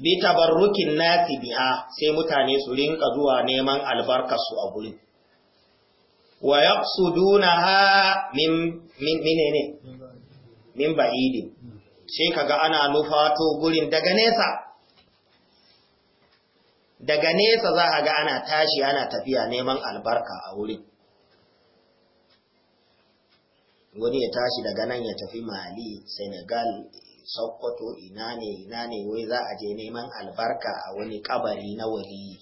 bi tabarrukin nasi biha sai mutane su rinka zuwa neman albarkarsu a gurin wa ya su min ha min ba'idin sai kaga ana nufato gurin daga nesa daga nesa za a ga ana tashi ana tafiya neman albarka a wurin wani ya tashi daga nan ya tafi mali senegal sokoto ina ne wai za a je neman albarka a wani kabari na wali,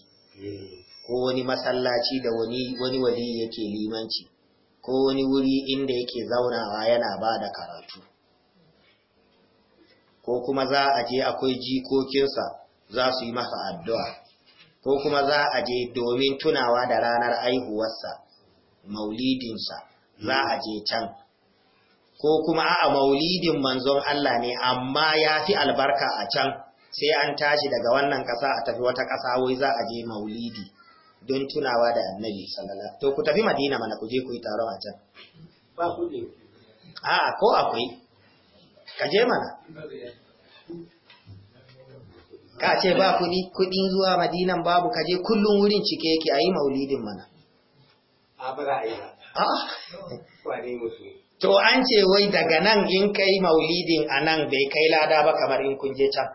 ko wani masallaci da wani wali yake limanci ko wani wuri inda yake zaunawa yana ba da karatu ko kuma za a je akwai jikokinsa za su yi masa addu'a ko kuma za a je domin tunawa da ranar aihuwarsa maulidinsa za a je can ko kuma a maulidin manzon Allah ne amma ya fi albarka a can sai an tashi daga wannan ƙasa a tafi wata ƙasa wai za a je maulidi don tunawa da annabi sallallahu to ku tafi madina mana ku je ku yi taron a can ba ku ne a ko akwai ka je mana ka ce ba kuɗi kudin zuwa madinan babu ka je kullum wurin cike yake a yi maulidin mana a ba za a yi musu. to an ce wai daga nan in kai maulidin a nan bai kai lada ba kamar in kun je can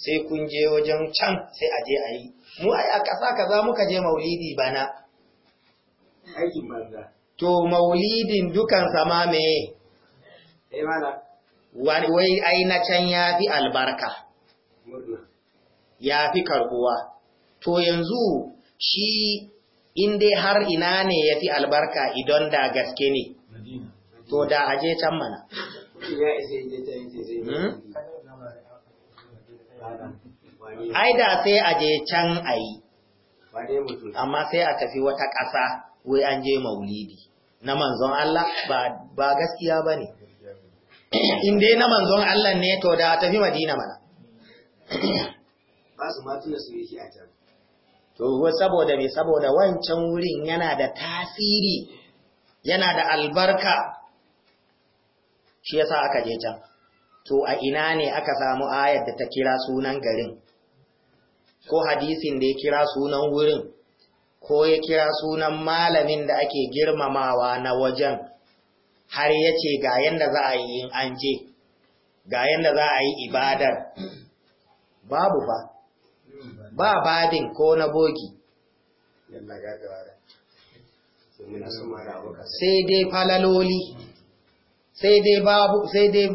sai kun je wajen can sai a je a yi mu ai a ƙasa za muka je maulidi bana aikin banza to maulidin dukan sama me eh, wai ai na can ya fi albarka ya fi karbuwa to yanzu shi in dai har ina ne ya fi albarka idan da gaske ne to da aje can mana hmm? ai da sai aje can ayi amma sai a tafi wata ƙasa wai an je maulidi na manzon Allah ba gaskiya ba ne in dai na manzon Allah ne to da tafi madina mana ba su ma su yake a can to saboda me saboda wancan wurin yana da tasiri yana da albarka shi yasa aka je can to a ina ne aka samu ayar da ta kira sunan garin ko hadisin da ya kira sunan wurin ko ya kira sunan malamin da ake girmamawa na wajen har ya ce ga yadda za a yi in an je ga yadda za a yi ibadar babu ba ba badin ko na bogi sai dai falaloli sai dai babu sai dai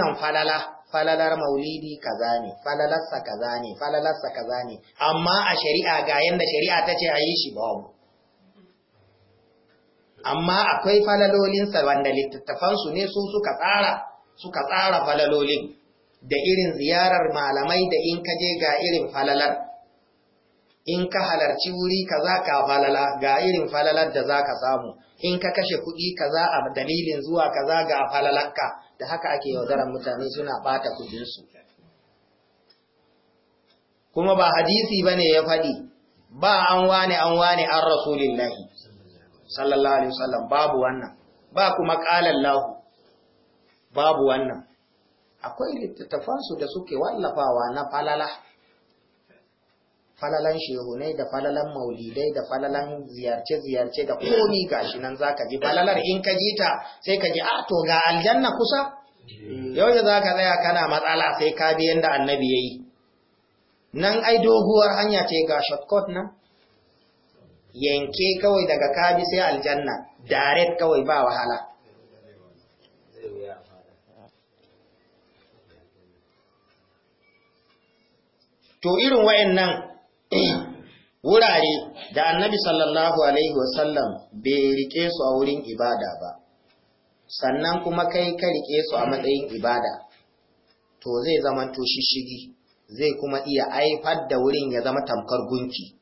nan falala falalar maulidi kaza ne falalarsa kaza ne falalarsa kaza ne amma a shari'a ga yanda shari'a ta ce a yi shi babu amma akwai falalolinsa wanda littattafansu ne su suka tsara suka tsara falalolin da irin ziyarar malamai da in ka je ga irin falalar in ka halarci wuri ka za ka falala ga irin falalar da za ka samu in ka kashe kuɗi kaza a dalilin zuwa ka za ga falalarka da haka ake yaudarar mutane suna bata kuɗinsu kuma ba hadisi ba ne ya faɗi ba an wane an wane an lahi sallallahu alaihi wasallam babu wannan ba kuma ƙalallahu babu wannan akwai littattafansu da suke wallafawa na falala falalan shehunai da falalan maulidai da falalan ziyarce-ziyarce da komi gashi nan zaka ji falalar in ka ji ta sai ka ji a ah, to ga aljanna kusa yau za ka tsaya kana matsala sai ka bi yadda annabi ya yi nan ai doguwar hanya ce ga shortcut nan yanke kawai daga kabi sai aljanna direct kawai ba wahala to irin wayannan wurare da annabi sallallahu alaihi wasallam bai rike su a wurin ibada ba sannan kuma kai ka rike su a matsayin ibada to zai zama to shishigi zai kuma iya aifar da wurin ya zama tamkar gunki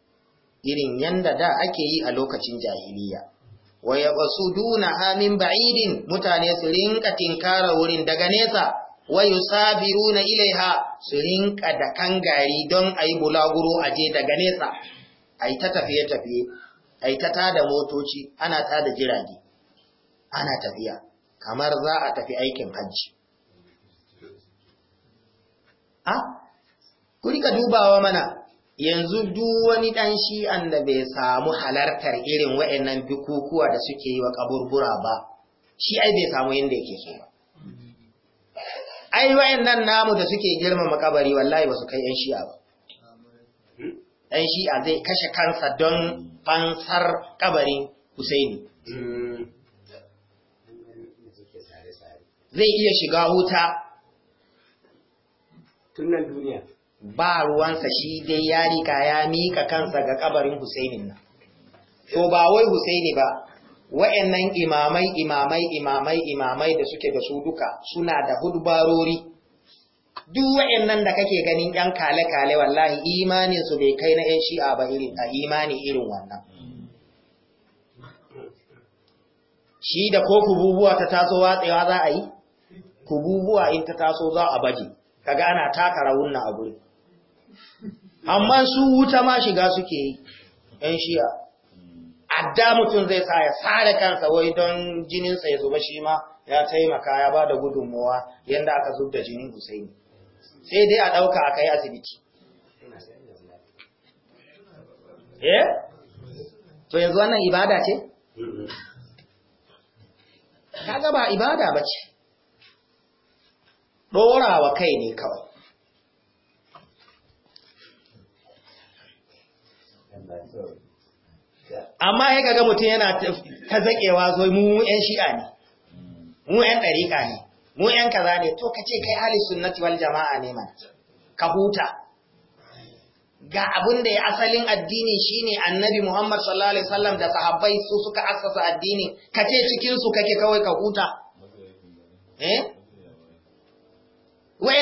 irin yanda da ake yi a lokacin jahiliya wa su duna hamin ba'idin mutane su rinka tinkara wurin daga nesa wa yusabiruna ilaiha su rinka da kangari don a yi bulaguro a je daga nesa yi ta tafiye tafiye yi ta tada motoci ana tada jirage ana tafiya kamar za a tafi aikin hajji a ku rika dubawa mana yanzu duk wani ɗan shi'an da bai samu halartar irin wa'annan bukukuwa da suke yi wa kaburbura ba shi ai bai samu yadda yake so ba ai nan namu da suke girmama kabari wallahi ba su kai yan shi'a ba yan shi'a zai kashe kansa don fansar kabarin Husaini zai iya shiga wuta tunan duniya ba ruwansa shi dai ya rika ya mika kansa ga kabarin Husaini nan to ba wai Husaini ba wa'annan imamai imamai imamai imamai da suke da su duka suna da hudbarori duk wa'annan da kake ganin yan kale kale wallahi imanin su bai kai na yan shi'a ba irin a imani irin wannan shi da ko kububuwa ta taso watsewa za a yi kububuwa in ta taso za a baje ka gana taka rawunna a guri amma su wuta ma shiga suke yi yan shi'a adda mutum zai sa ya sare kansa wai don jininsa ya zuba shi ma ya taimaka ya ba da gudunmuwa yadda aka zub da jinin Husaini. Sai dai a ɗauka a kai asibiti. Eh? To yanzu wannan ibada ce? Kaga ba ibada ba ce. wa kai ne kawai. amma ya gaga mutum yana ta zaƙewa, zo mu yan shi'a ne mu yan ɗariƙa ne mu yan kaza ne to kace kai hali sunnati tiwal jamaa ne man ka huta ga abin da ya asalin addini shine annabi Muhammad sallallahu alaihi wasallam da sahabbai su suka asasa addini kace ce cikinsu kake kawai ka huta eh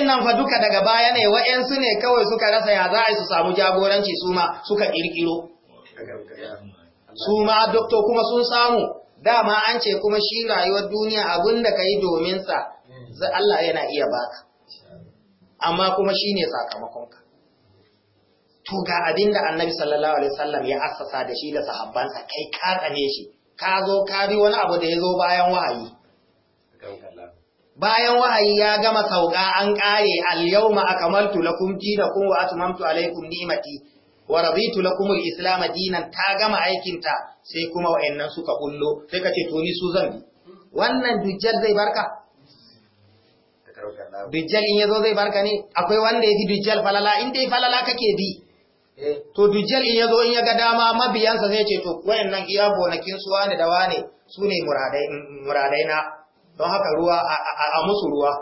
fa duka daga baya ne wayansu ne kawai suka rasa ya za a su samu jagoranci su ma suka ƙirƙiro. su ma doktor kuma sun samu dama an ce kuma shi rayuwar duniya abin da ka yi dominsa Allah yana iya baka amma kuma shi ne sakamakonka to ga abin da annabi sallallahu alaihi wasallam ya assasa da shi da sahabbansa kai ka tsane shi ka zo ka bi wani abu da ya zo bayan wahayi bayan wahayi ya gama sauka an kare al yawma akamaltu lakum dinakum wa atmamtu alaykum ni'mati wa raditu lakum al-islam dinan ta gama aikin ta sai kuma wayannan suka kullo sai kace to ni su zan bi wannan dujjal zai barka dujjal in yazo zai barka ne akwai wanda yafi dujjal falala in dai falala kake bi eh. to dujjal in yazo in ya ga dama mabiyansa sai ce to wayannan iya bonakin su wani da wani su ne muradai muradai na don haka ruwa a musu ruwa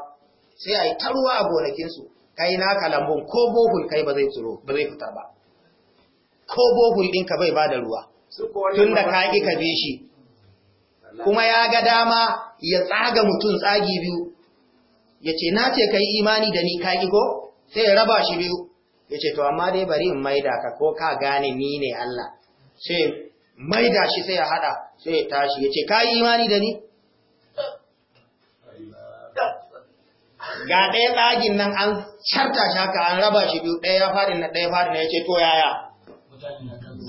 sai ai ta ruwa a gonakin su kai na kalambon ko bohul kai ba zai tsuro ba zai fitar ba ko bohul ɗinka bai ba da ruwa tun da ka ƙi ka bi shi kuma ya ga dama ya tsaga mutum tsagi biyu ya ce na ce ka yi imani da ni ka ƙi ko sai ya raba shi biyu ya ce to amma dai bari in maida ka ko ka gane ni ne Allah sai maida shi sai ya haɗa sai ya tashi ya ce ka yi imani da ni ga ɗaya ɗagin nan an carta shi haka an raba shi biyu ɗaya faɗi na ɗaya faɗi na ya ce to yaya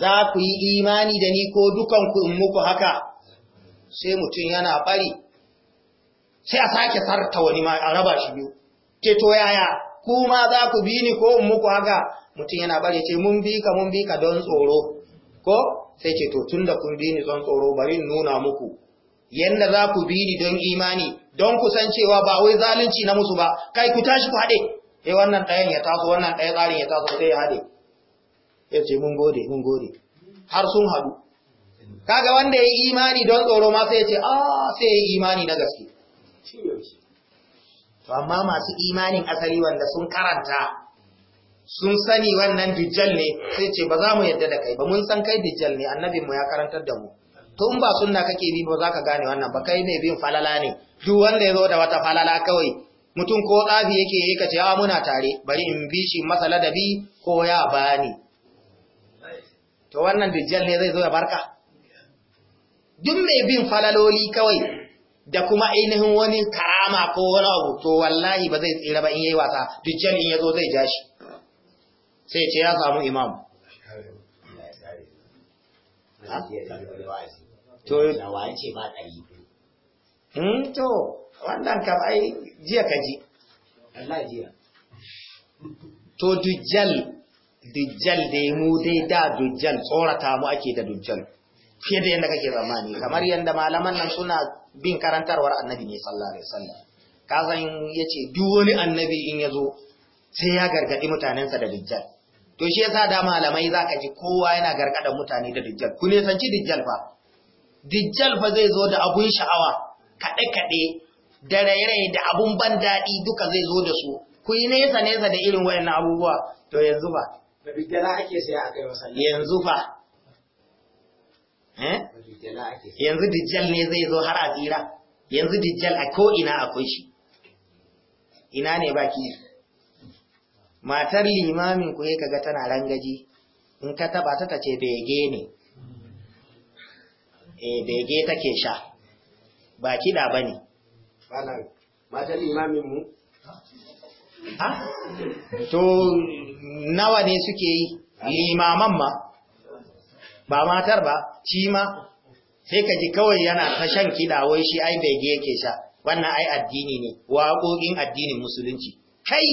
za ku yi imani da ni ko dukanku in muku haka sai mutum yana bari sai a sake sarta wani ma a raba shi biyu Ke to yaya ku ma za ku bi ni ko in muku haka mutum yana bari ce mun bi ka mun bi ka don tsoro ko sai ce to tunda kun bi ni don tsoro bari in nuna muku yanda za ku bi ni don imani don kusancewa ba wai zalunci na musu ba kai ku tashi ku haɗe sai eh, wannan ɗayan ya taso wannan ɗaya tsarin ya taso sai ya haɗe ya ce mun gode mun gode har sun haɗu kaga wanda ya yi imani don tsoro ma sai ya ce a ah, sai ya yi imani na gaske to amma masu imanin asali wanda sun karanta sun sani wannan dijjal ne sai ce ba za mu yadda da kai ba mun san kai dijjal ne annabin mu ya karantar da mu tun ba sunna kake bi ba za ka gane wannan ba kai mai bin falala ne duk wanda ya zo da wata falala kawai mutum ko tsafi yake yi ka ce a ah, muna tare bari in bi shi masa ladabi ko ya bani to wannan dajjal ne zai zo ya barka duk mai bin falaloli kawai da kuma ainihin wani karama ko wani abu to wallahi ba zai tsira ba in yayi wasa dajjal in yazo zai ja shi sai ce ya samu imam to wace ba ɗari hmm to wannan kam ai jiya ka ji Allah jiya to dujjal dujjal ya mu dai da dujjal tsorata mu ake da dujjal fiye da yadda kake zamani kamar yadda malaman nan suna bin karantarwar annabi ne sallallahu alaihi wasallam kazan yace duk wani annabi in yazo sai ya gargadi mutanensa da dujjal to shi yasa da malamai zaka ji kowa yana gargadan mutane da dujjal ku ne sanci dujjal fa dujjal fa zai zo da abun sha'awa kaɗe-kaɗe, da rairayi da abun ban daɗi duka zai zo da su ku yi nesa nesa da irin wayannan abubuwa to yanzu ba ake sai a kai yanzu fa eh? yanzu dijjal ne zai zo har a tsira yanzu dijjal a ko ina akwai shi ina ne baki matar limamin ku ka ga tana rangaji in ka taba ta tace bege ne eh bege take sha ba kida bane matar limamin mu to nawa ne suke yi limaman ma ba matar ba shi ma sai ka ji kawai yana ta shan kiɗa wai shi ai bege yake sha wannan ai addini ne waƙoƙin addinin musulunci kai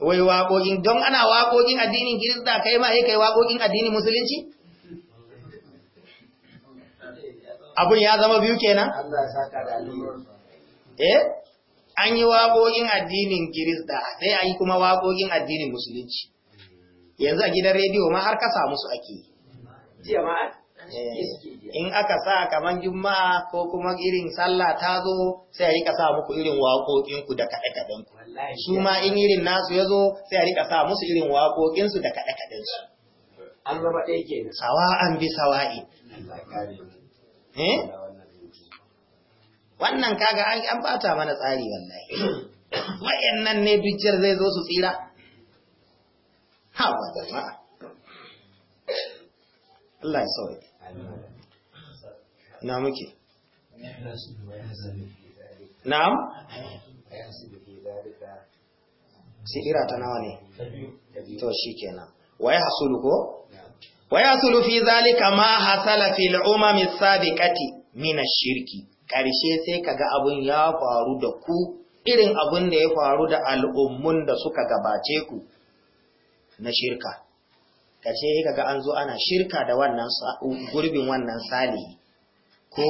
wai waƙoƙin don ana waƙoƙin addinin kirista kai ma kai waƙoƙin addinin musulunci abun ya zama biyu kenan eh an yi waƙoƙin addinin Kirista sai a yi kuma waƙoƙin addinin Musulunci. Yanzu a gidan rediyo ma har ka samu su ake. Eh, in aka sa kamar Juma'a ko kuma irin sallah ta zo sai a rika sa muku irin ku da kaɗe ku. Su ma in irin nasu ya zo sai a rika sa musu irin waƙoƙinsu da kaɗe su. An zama ɗaya Sawa an bi sawa'i. Eh? wannan kaga an bata mana tsari wallahi wayannan ne bijjar zai zo su tsira hawa jama'a Allah ya sauke na muke na'am sigira ta nawa ne to kenan waya hasulu ko waya hasulu fi zalika ma hasala fil umami sabiqati min ash-shirki ƙarshe sai ka ga abin ya faru da ku irin abin da ya faru da al'ummun da suka gabace ku na shirka. Ƙarshe sai ga an zo ana shirka da wannan gurbin wannan sali ko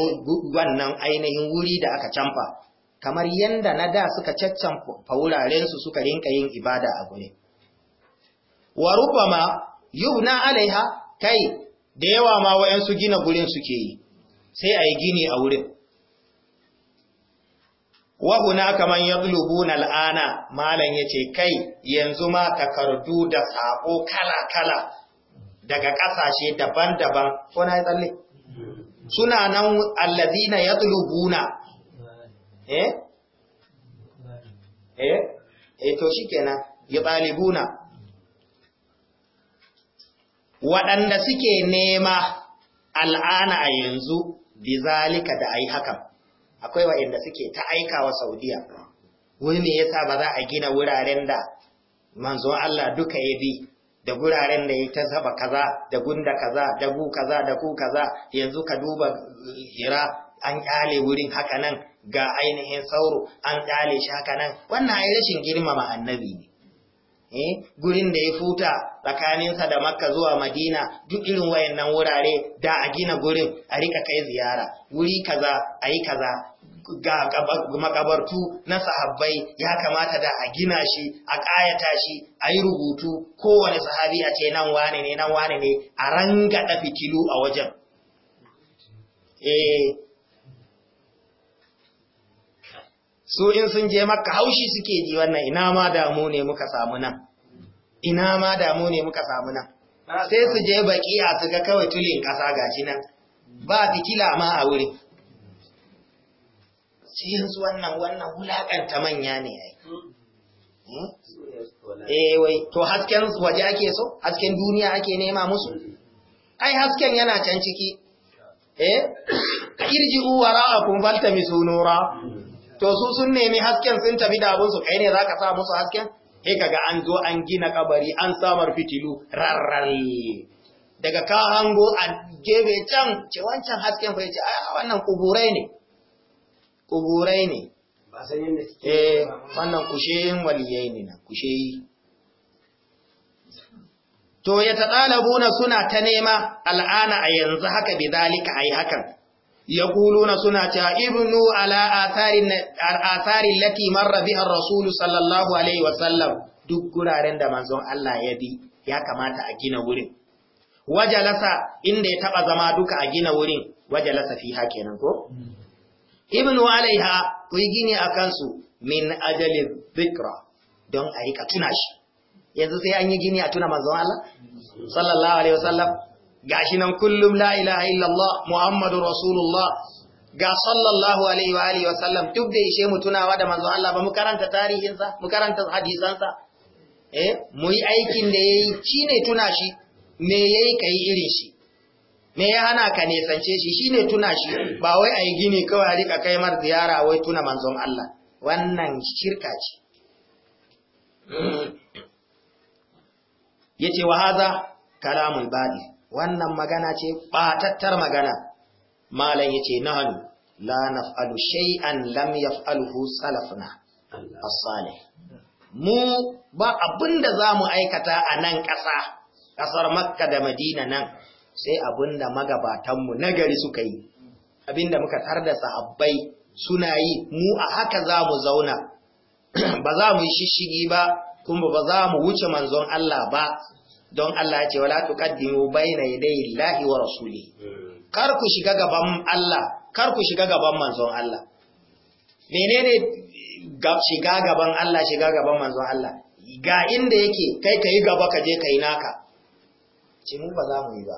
wannan ainihin wuri da aka camfa, kamar yadda na da suka caccanfa wurarensu suka rinka yin ibada a warubama Wa rubama yubna alaiha kai da yawa ma wayansu gina gurin suke yi, sai a yi gini a wurin. wa hunaka man yatlubuna al'ana malam yace kai yanzu ma takardu da sako kala kala daga kasashe daban-daban ko na tsalle suna nan allazina yatlubuna eh eh eh to shikenan yatalibuna waɗanda suke nema al'ana a yanzu bizalika da ai hakan akwai waɗanda suke ta aika wa saudiya wai me yasa ba za a gina wuraren da manzo Allah duka ya bi da guraren da ya ta saba kaza da gunda kaza da gu kaza da ku kaza yanzu ka duba hira an kyale wurin haka nan ga ainihin sauro an kyale shi haka nan wannan ai rashin girmama annabi ne Eh, gurin da ya futa tsakaninsa da makka zuwa madina duk irin wayannan wurare da a gina gurin a rika kai ziyara wuri kaza a yi kaza ga makabartu na sahabbai ya kamata da a gina shi a ƙayata shi a yi rubutu kowane sahabi a ce nan wane ne nan wane ne a rangada fitilu a wajen eh su in sun je maka haushi suke ji wannan ina ma damu ne muka samu nan ina ma damu ne muka samu nan sai su je bakiya su ga kawai tulin kasa gashi nan ba fitila ma a wuri cikin su wannan wannan wulakanta manya ne ai hmm? eh wai to hasken waje ake so hasken duniya ake nema musu ai hasken yana can ciki eh irji'u wara'akum faltamisu nura to su sun nemi hasken sun tafi da abinsu kai ne za ka sa musu hasken ka kaga an zo an gina kabari an samar fitilu rarral daga ka hango a gebe can ce wancan hasken fa yace a wannan kuburai ne kuburai ne ba san yanda suke eh wannan kusheyin waliyai ne na kusheyi to ya tadalabuna suna ta nema al'ana a yanzu haka bidalika yi hakan Ya kuluna suna cewa, ibnu ala atharin atharin lati marra biha ar-rasul sallallahu alaihi wasallam duk guraren da manzon Allah ya bi ya kamata a gina wurin wajalasa inda ya taba zama duka a gina wurin wajalasa fiha kenan ko ibnu alaiha ku gini akan su min ajali dhikra don a rika yanzu sai an yi gini a tuna manzon Allah sallallahu alaihi wasallam gashi nan kullum la ilaha illallah muhammadu rasulullah ga sallallahu alaihi wa alihi wa sallam duk da ishe mu tunawa da manzon Allah ba mu karanta tarihinsa mu karanta hadisansa eh mu yi aikin da yayi ne tuna shi me yayi kai irin shi me ya hana ka ne sance shi shine tuna shi ba wai ayi gini kawai a rika kai mar ziyara wai tuna manzon Allah wannan shirka ce mm. yace wa hadha kalamul badi wannan magana ce batattar magana malam yace nahnu la naf'alu shay'an lam yaf'alhu salafuna as-salih mu ba abinda zamu aikata a nan ƙasa ƙasar Makka da Madina nan sai abinda magabatanmu gari suka yi abinda muka da sahabbai suna yi mu a haka za mu zauna ba za mu yi shishigi ba kuma ba za mu wuce manzon Allah ba don Allah ya ce wala tuqaddimu baina yadayi Allahi wa rasuli hmm. kar ku shiga gaban Allah kar ku shiga gaban manzon Allah menene shiga gaban Allah shiga gaban manzon Allah ga inda yake kai kai gaba ka je kai naka ce mu ba za mu yi ba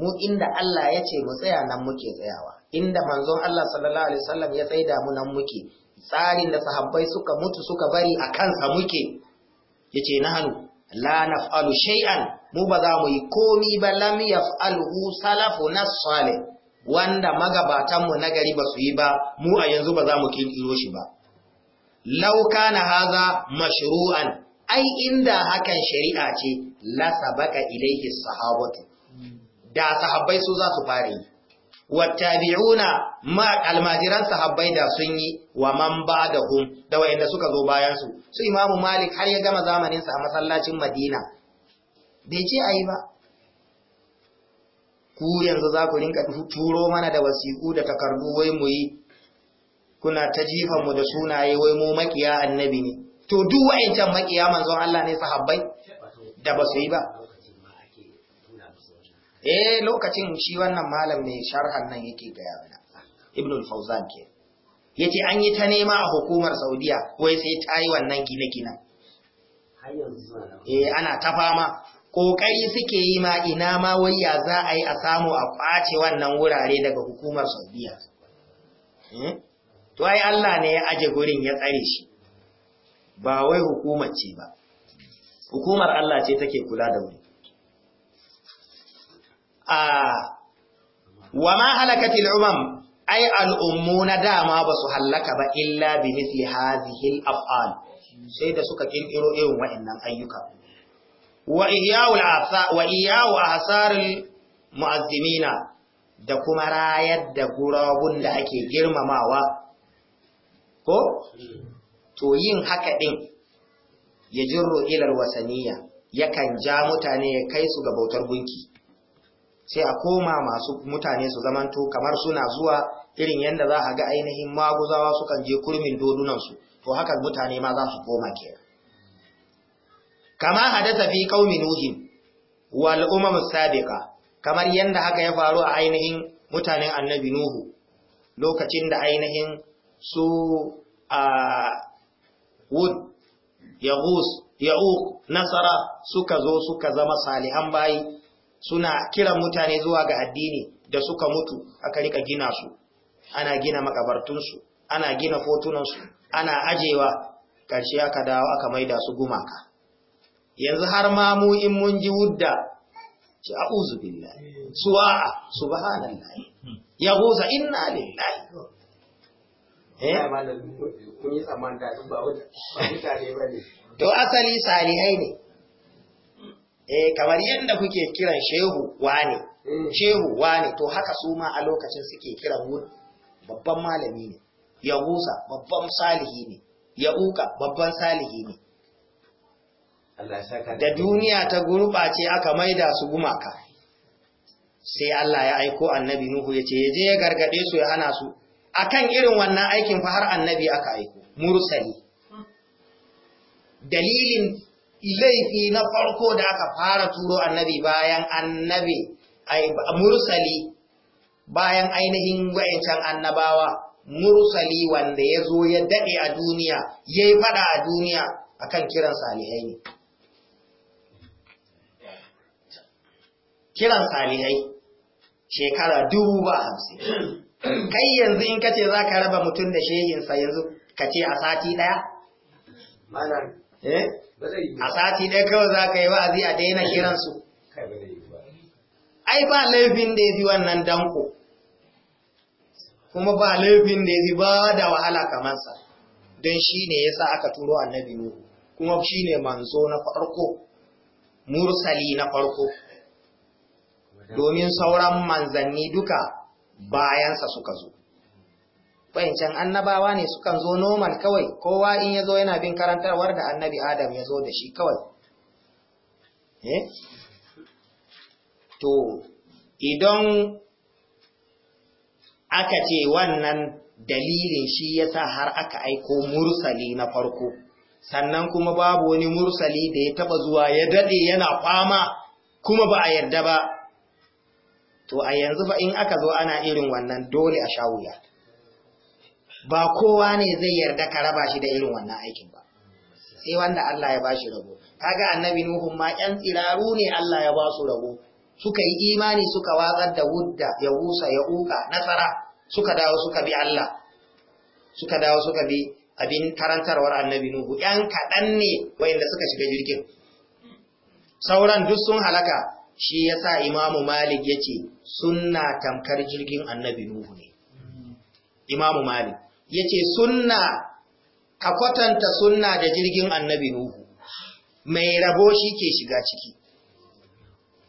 mu inda Allah ya ce mu tsaya nan muke tsayawa inda manzon Allah sallallahu alaihi wasallam ya tsaida mu nan muke tsarin da sahabbai suka mutu suka bari a kansa muke yace nahanu la naf'alu shay'an mu ba za mu yi komi ba lam yaf'alhu salafuna salih wanda magabatanmu na gari ba su yi ba mu a yanzu ba za mu kiro shi ba law kana hadha mashru'an ai inda hakan shari'a ce la sabaka ilayhi sahabatu da sahabbai su za su fara yi wattabi'una ma almajiran sahabbai da sun yi wa man badahum da wayanda suka zo bayan su su imamu malik har ya gama zamanin sa a masallacin madina bai ce ayi ba ku yanzu za ku rinka turo mana da wasiku da takardu wai mu yi kuna ta jifan mu da sunaye wai mu makiya annabi ne to duk wayancan makiya manzon Allah ne sahabbai da ba su yi ba eh lokacin shi wannan malam ne sharhan nan yake gaya mana ibnu al-fawzan ke yace an yi ta nema a hukumar saudiya wai sai ta yi wannan gine gina eh ana ta fama kokari suke yi ma ina ma wai ya za a yi a samu a kwace wannan wurare daga hukumar saudiya hmm? to ai Allah ne ya aje gurin ya tsare shi ba wai hukumar ce ba hukumar Allah ce take kula da wuri Ah. wa ma halakatil umam ai al'ummu na dama ba su hallaka ba illa bi misli hazihil af'al sai da suka kirkiro irin wa'annan ayyuka wa ihya'ul asa wa ihya'u ahsaril da kuma rayar da gurabun da ake girmamawa ko to yin haka din ya jirro ilal wasaniya yakan ja mutane ya kai su ga bautar gunki sai a koma masu mutane su zamanto kamar suna zuwa irin yadda za a ga ainihin maguzawa sukan je kurmin dodunansu to haka mutane ma za su koma ke kama hadasa fi qaumi nuhin wal umam sabiqa kamar yadda haka ya faru a ainihin mutanen annabi nuhu lokacin da ainihin su a wud yaghus ya'uq nasara suka zo suka zama salihan bayi suna kiran mutane zuwa ga addini da suka mutu aka rika gina su ana gina makabartunsu ana gina fotunansu ana ajewa ƙarshe aka dawo aka maida su gumaka yanzu har ma mu in mun ji wudda ci a'uzu billahi suwa subhanallahi ya goza inna lillahi eh kun yi tsammanin da ba mutane to asali salihai ne eh kamar yadda kuke kiran shehu wane mm. shehu wane to haka su ma a lokacin suke kiran wuri babban malami ne ya musa babban salihi ne ya uka babban salihi ne da duniya ta gurɓace aka maida su gumaka sai Allah ya aiko annabi Nuhu ya ce ya je ya gargade su ya hana su akan irin wannan aikin fa har annabi aka aiko mursali hmm. dalilin laifi na farko da aka fara turo annabi bayan annabi mursali bayan ainihin wa'ancan annabawa mursali wanda ya zo ya daɗe a duniya ya yi faɗa a duniya akan kiran salihai ne kiran salihai shekara dubu ba hamsin kai yanzu in kace za ka raba mutum da shehinsa yanzu ka ce a sati ɗaya? Eh? a sati ɗaya kawai za ka yi wa'azi a daina kiransu ai ba laifin da ya fi wannan danko kuma ba laifin da ya fi ba da wahala kamansa don shi ne ya sa aka turo annabi nuhu kuma shi ne manzo na farko mursali na farko domin sauran manzanni duka bayansa suka zo Bancen annabawa ne sukan zo normal kawai kowa in ya zo yana bin karantarwar da annabi adam ya zo da shi kawai eh? to idan aka ce wannan dalilin shi yasa har aka aiko mursali na farko sannan kuma babu wani mursali da ya taba zuwa ya dade yana fama kuma ba a yarda ba to a yanzu ba in aka zo ana irin wannan dole a sha wuya ba kowa ne zai yarda ka raba shi da irin wannan aikin ba sai wanda Allah ya bashi rabo kaga annabi nuhun ma 'yan tsiraru ne Allah ya ba su rabo suka yi imani suka watsar da wudda ya husa ya uka nasara suka dawo suka bi Allah suka dawo suka bi abin karantarwar annabi nuhu Yan kaɗan ne wayanda suka shiga jirgin sauran duk sun halaka shi yasa imamu malik yace sunna tamkar jirgin annabi nuhu ne imamu malik ya ce sunna a kwatanta sunna da jirgin annabi Nuhu, mai rabo shi ke shiga ciki,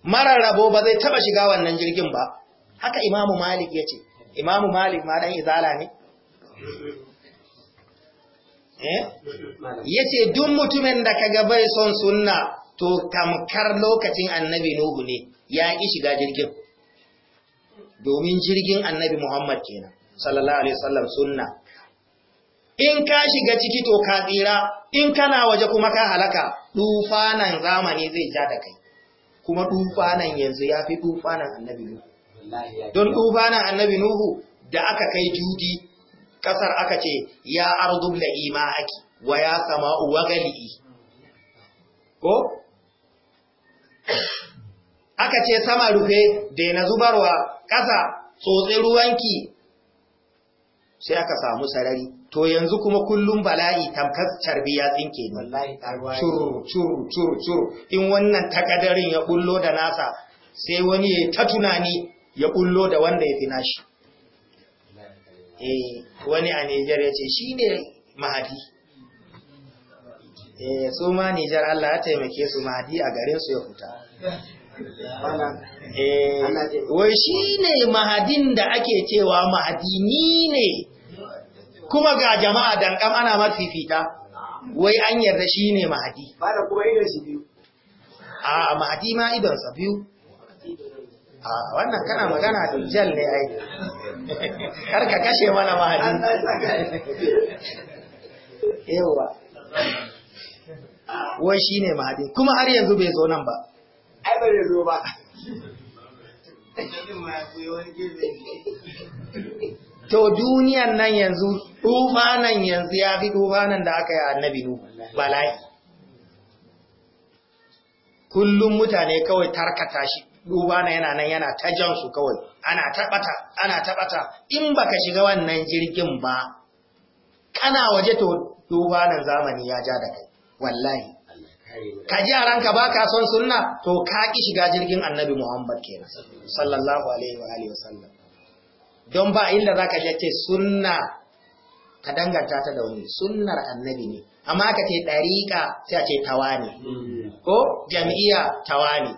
mara rabo ba zai taba shiga wannan jirgin ba, haka imamu Malik ya ce, imamu Malik ma dan izala ne? Eh? Ya ce, duk mutumin da ka bai son sunna to tamkar lokacin annabi Nuhu ne ya ƙi shiga jirgin, domin jirgin annabi Muhammad kenan, sallallahu Alaihi wasallam sunna. in ka shiga ciki to ka tsira in kana waje kuma ka halaka dufanan zamani zai ja da kai kuma dufanan yanzu ya fi dufanan annabi nuhu don dufanan annabi nuhu da aka kai judi kasar aka ce ya ardu la'i aki wa ya sama'u wa gali'i ko aka ce sama rufe na zubarwa ƙasa tsotsi ruwanki sai aka samu sarari to yanzu kuma kullum bala'i tamkar tarbiyya tsinke ne curu curu curu curu in wannan takadarin ya bullo da nasa sai wani ya ta tunani ya bullo da wanda ya fi nashi eh wani a Nijar ya ce shi ne mahadi eh su ma Nijar Allah ya taimake su mahadi a garin su ya fita eh, wai shi ne mahadin da ake cewa mahadi ni ne kuma ga jama'a kam ana fifita wai an yarda shi ne mahadi a mahadi ma sa biyu a wannan kana magana da dujjal ne ai ka kashe mana mahadi yawa wai shi ne mahadi kuma har yanzu bai zo nan ba ai zai zo ba to duniyan nan yanzu dufanan yanzu ya fi dufanan da aka yi annabi nu bala'i kullum mutane kawai tarkata shi dufana yana nan yana ta jansu kawai ana taɓata ana tabata in baka shiga wannan jirgin ba kana waje to dufanan zamani ya ja da kai wallahi ka ji a ranka ba ka son sunna to ka ki shiga jirgin annabi muhammad kenan sallallahu alaihi wa alihi don ba inda za ka ce sunna ka danganta ta da wani sunnar annabi ne amma ka ce ɗariƙa sai a ce ne ko jam'iyya ne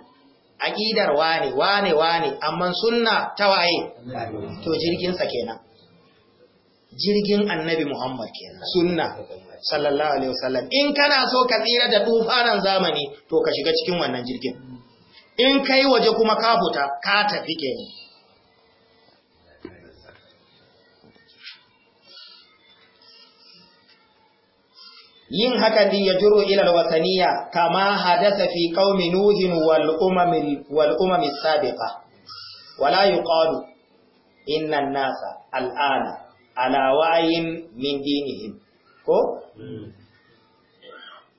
aƙidar wane wane wane amma sunna tawaye to jirginsa kenan jirgin annabi Muhammad kenan sunna sallallahu alaihi wasallam in kana so ka tsira da tufanan zamani to ka shiga cikin wannan jirgin in kai waje kuma ka futa? ka tafi kenan yin hakan din ya juro ilal wasaniya kama hadasa fi qaumi nuhin wal umamil wal umamis sabiqa wala yuqalu inna nasa al'ana ala wa'in min dinihim ko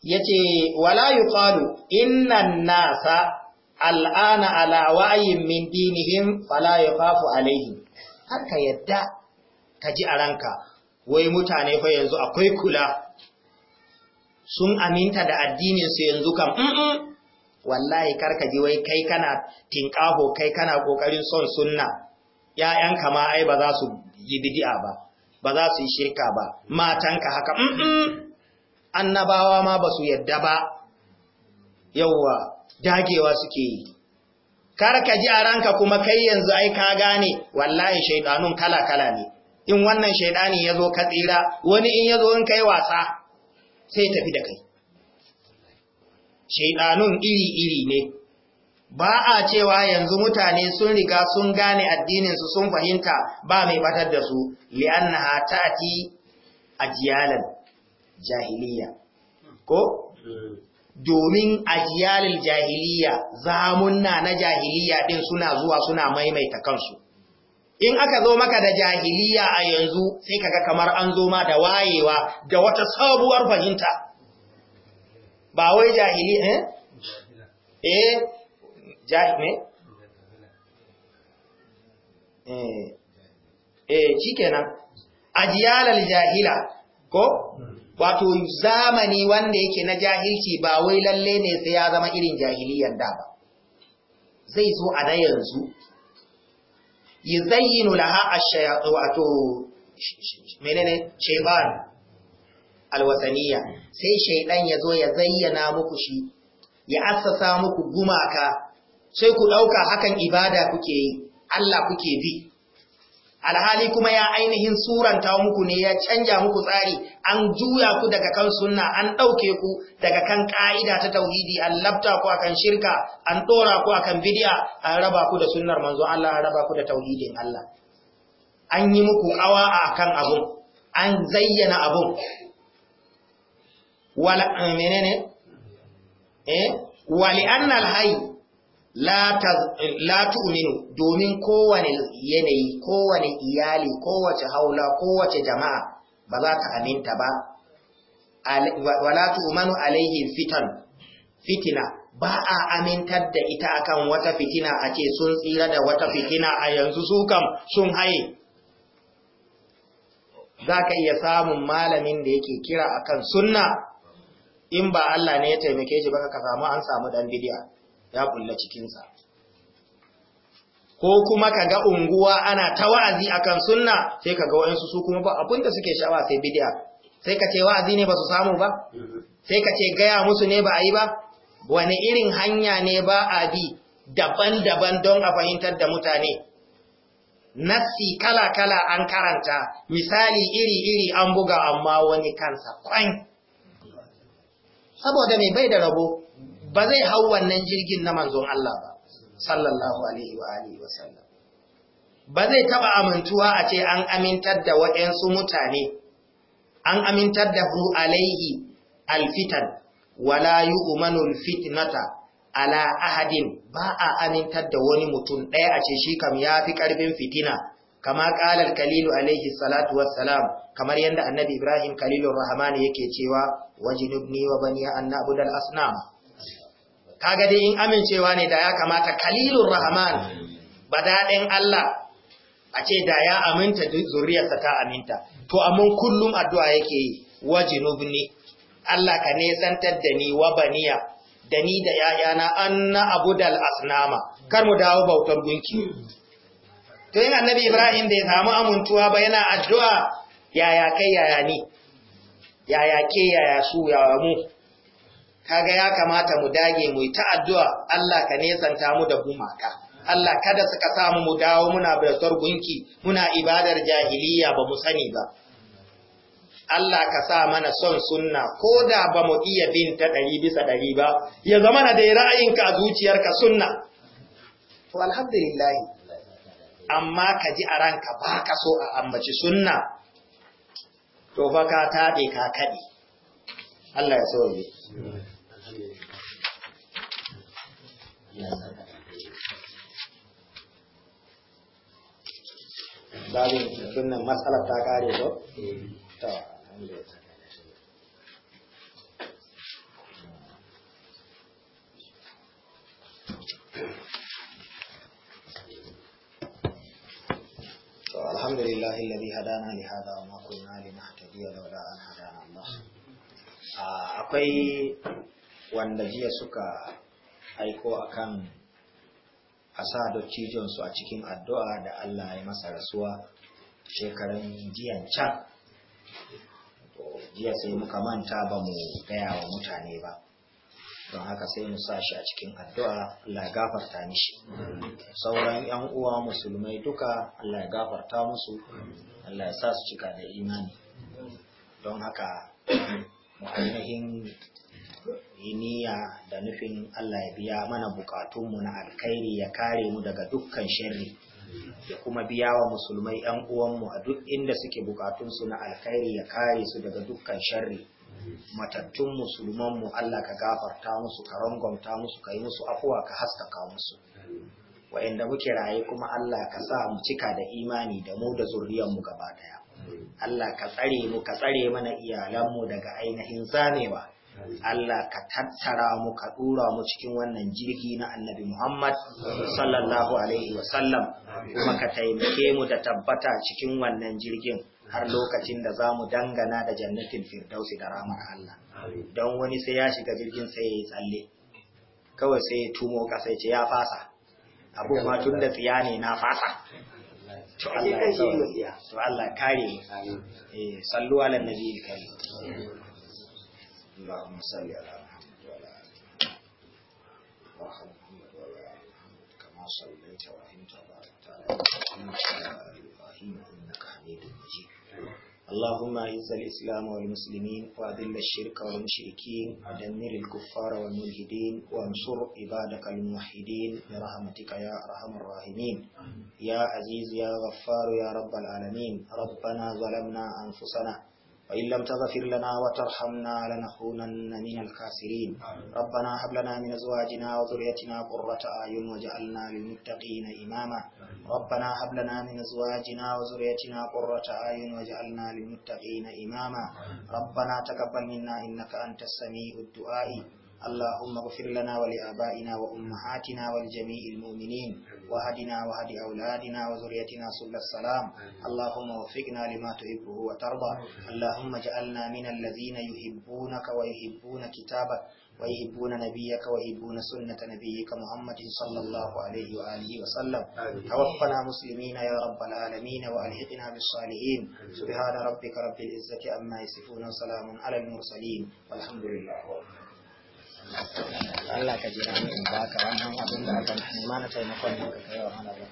yace wala yuqalu inna nasa al'ana ala wa'in min dinihim fala yuqafu alaihim har ka yadda ka ji a ranka wai mutane fa yanzu akwai kula sun aminta da addinin su yanzu kan mm wallahi karka ji wai kai kana tinkaho kai kana kokarin son sunna ƴaƴan kama ai ba za su yi bid'a ba ba za su yi shirka ba matanka haka mm annabawa ma ba su yadda ba yawwa dagewa suke yi karka ji a ranka kuma kai yanzu ai ka gane wallahi shaidanun kala kala ne in wannan shaidani ya zo ka tsira wani in ya zo in kai wasa sai tafi da kai Shaiɗanun iri-iri ne ba a cewa yanzu mutane sun riga sun gane addininsu sun fahimta ba mai batar da su li'annaha tati ajiyalan jahiliya ko domin ajiyalin jahiliya zamunna na jahiliya ɗin suna zuwa suna maimaita kansu in aka zo maka da jahiliya a yanzu sai kaga kamar an zo ma da wayewa da wata sabuwar fahimta ba wai jahili eh eh jahili eh eh ajiyalal jahila ko wato zamani wanda yake na jahilci ba wai lalle ne sai ya zama irin jahiliyan da ba zai zo a da yanzu yuzayyinu laha a shayat wato menene shaytan alwasaniya sai shaidan ya zo ya zayyana muku shi ya assasa muku gumaka sai ku ɗauka hakan ibada kuke yi Allah kuke bi alhali kuma ya ainihin suranta muku ne ya canja muku tsari an juya ku daga kan sunna an ɗauke ku daga kan ƙa'ida ta tauhidi an labta ku akan shirka an ɗora ku akan bidiya an raba ku da sunnar manzo Allah an raba ku da tauhidin Allah an yi muku ƙawa kan abu, an zayyana abu wala eh, menene eh wali annal hayy la tu'minu domin kowane yanayi kowane iyali kowace haula kowace jama'a ba za ta aminta ba wala tu'manu alaihim fitan fitina ba a amintar da ita akan wata fitina a ce sun tsira da wata fitina a yanzu su kam sun haye za ka iya samun malamin da yake kira akan sunna in ba Allah ne ya taimake shi baka ka samu an samu dan bidiya ya bulla cikinsa ko kuma ka ga unguwa ana ta wa'azi akan sunna sai kaga wayansu su kuma ba abinda suke sha'awa sai bid'a sai kace wa'azi ne ba su samu ba sai kace gaya musu ne ba a yi ba wani irin hanya ne ba a bi daban-daban don a fahimtar da mutane nassi kala-kala an karanta misali iri-iri an buga amma wani kansa kwan saboda mai bai da rabo ba zai hau wannan jirgin na manzon Allah ba sallallahu alaihi wa alihi wa sallam ba zai taba amintuwa a ce an amintar da waɗansu mutane an amintar da hu alaihi alfitan wala yu'manul fitnata ala ahadin ba a amintar da wani mutum ɗaya a ce shi kam ya fi ƙarfin fitina kama ƙalar kalilu alaihi salatu wassalam kamar yadda annabi ibrahim kalilun rahamani yake cewa wajinubni wa bani an na'budal asnama. kaga dai in amincewa ne da ya kamata kalilun rahman daɗin Allah a ce da ya aminta zuriyarsa ta aminta to amma kullum addu'a yake yi wajinubni Allah ka santar da ni wa baniya da ni da ‘ya'yana an na abudal asnama, kar mu dawo bautar gunki. To yin annabi Ibrahim da ya samu amintuwa ba yana addu'a yaya kai yaya ni, yaya ke yaya su yaya mu, kaga ya kamata mu dage mu ta addu'a Allah ka nesanta mu da gumaka Allah kada suka sa mu dawo muna bautar gunki muna ibadar jahiliya ba mu sani ba Allah ka sa mana son sunna ko da ba mu iya bin ta ɗari bisa ɗari ba ya zama na da ra'ayinka a zuciyarka sunna to alhamdulillah amma ka ji a ranka ba ka so a ambaci sunna to fa ka taɓe ka kaɗe Allah ya so yi babin cikin nan matsalar ta kare ko eh. to الحمد لله الذي هدانا لهذا وما كنا لنهتدي لولا هدانا الله akwai wanda jiya suka aiko akan a sa dottijonsu a cikin addu'a da Allah ya masa rasuwa shekaran jiyan can jiya sai muka manta ba mu gaya wa mutane ba don haka sai mu sa shi a cikin addu'a Allah ya gafarta mishi sauran yan uwa musulmai duka Allah ya gafarta musu Allah ya sa su cika da imani don haka mu ainihin yi niyya da nufin Allah ya biya mana bukatunmu na alkhairi ya kare mu daga dukkan sharri ya kuma biya wa musulmai ‘yan uwanmu a duk inda suke bukatunsu na alkhairi ya kare su daga dukkan sharri matattun musulmanmu Allah ka gafarta musu ka rangonta musu ka yi musu afuwa ka haskaka musu wa'inda muke raye kuma Allah ka sa mu cika da imani da mu da zurriyanmu gaba daya Allah ka tsare mu ka tsare mana iyalanmu daga ainihin zamewa Allah ka tattara mu ka dura mu cikin wannan jirgi na annabi Muhammad sallallahu alaihi wa sallam, kuma ka taimake mu da tabbata cikin wannan jirgin har lokacin da za mu dangana da jannatin firdausi da ramar Allah don wani sai ya shiga jirgin sai ya yi tsalle kawai sai ya tumo ƙasa ce ya fasa abu ma tun da tsiya ne na fasa to Allah ya kare mu eh, sallu ala nabi karim اللهم صل على محمد وعلى آل محمد وعلى محمد وعلى آل محمد كما صليت ورحمت وباركت على محمد وعلى آل إبراهيم إنك حميد مجيد اللهم اعز الاسلام والمسلمين واذل الشرك والمشركين ودمر الكفار والملحدين وانصر عبادك الموحدين برحمتك يا ارحم الراحمين يا عزيز يا غفار يا رب العالمين ربنا ظلمنا انفسنا وإن لم تغفر لنا وترحمنا لنكونن من الخاسرين ربنا هب لنا من أزواجنا وذريتنا قرة أعين وجعلنا للمتقين إماما ربنا هب لنا من أزواجنا وذريتنا قرة أعين وجعلنا للمتقين إماما ربنا تقبل منا إنك أنت السميع الدعاء اللهم اغفر لنا ولآبائنا وأمهاتنا ولجميع المؤمنين وهدنا وهد أولادنا وذريتنا صلى السلام اللهم وفقنا لما تحبه وترضى اللهم اجعلنا من الذين يحبونك ويحبون كتابك ويحبون نبيك ويحبون سنة نبيك محمد صلى الله عليه وآله وسلم توفنا مسلمين يا رب العالمين وألحقنا بالصالحين سبحان ربك رب العزة أما يصفون وسلام على المرسلين والحمد لله Allah ka jira ni in baka wannan abin da aka nema na taimakon nan ka kai wa mana ba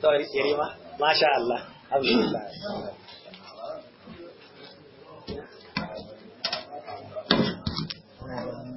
to tsiri ma masha Allah alhamdulillah Thank you.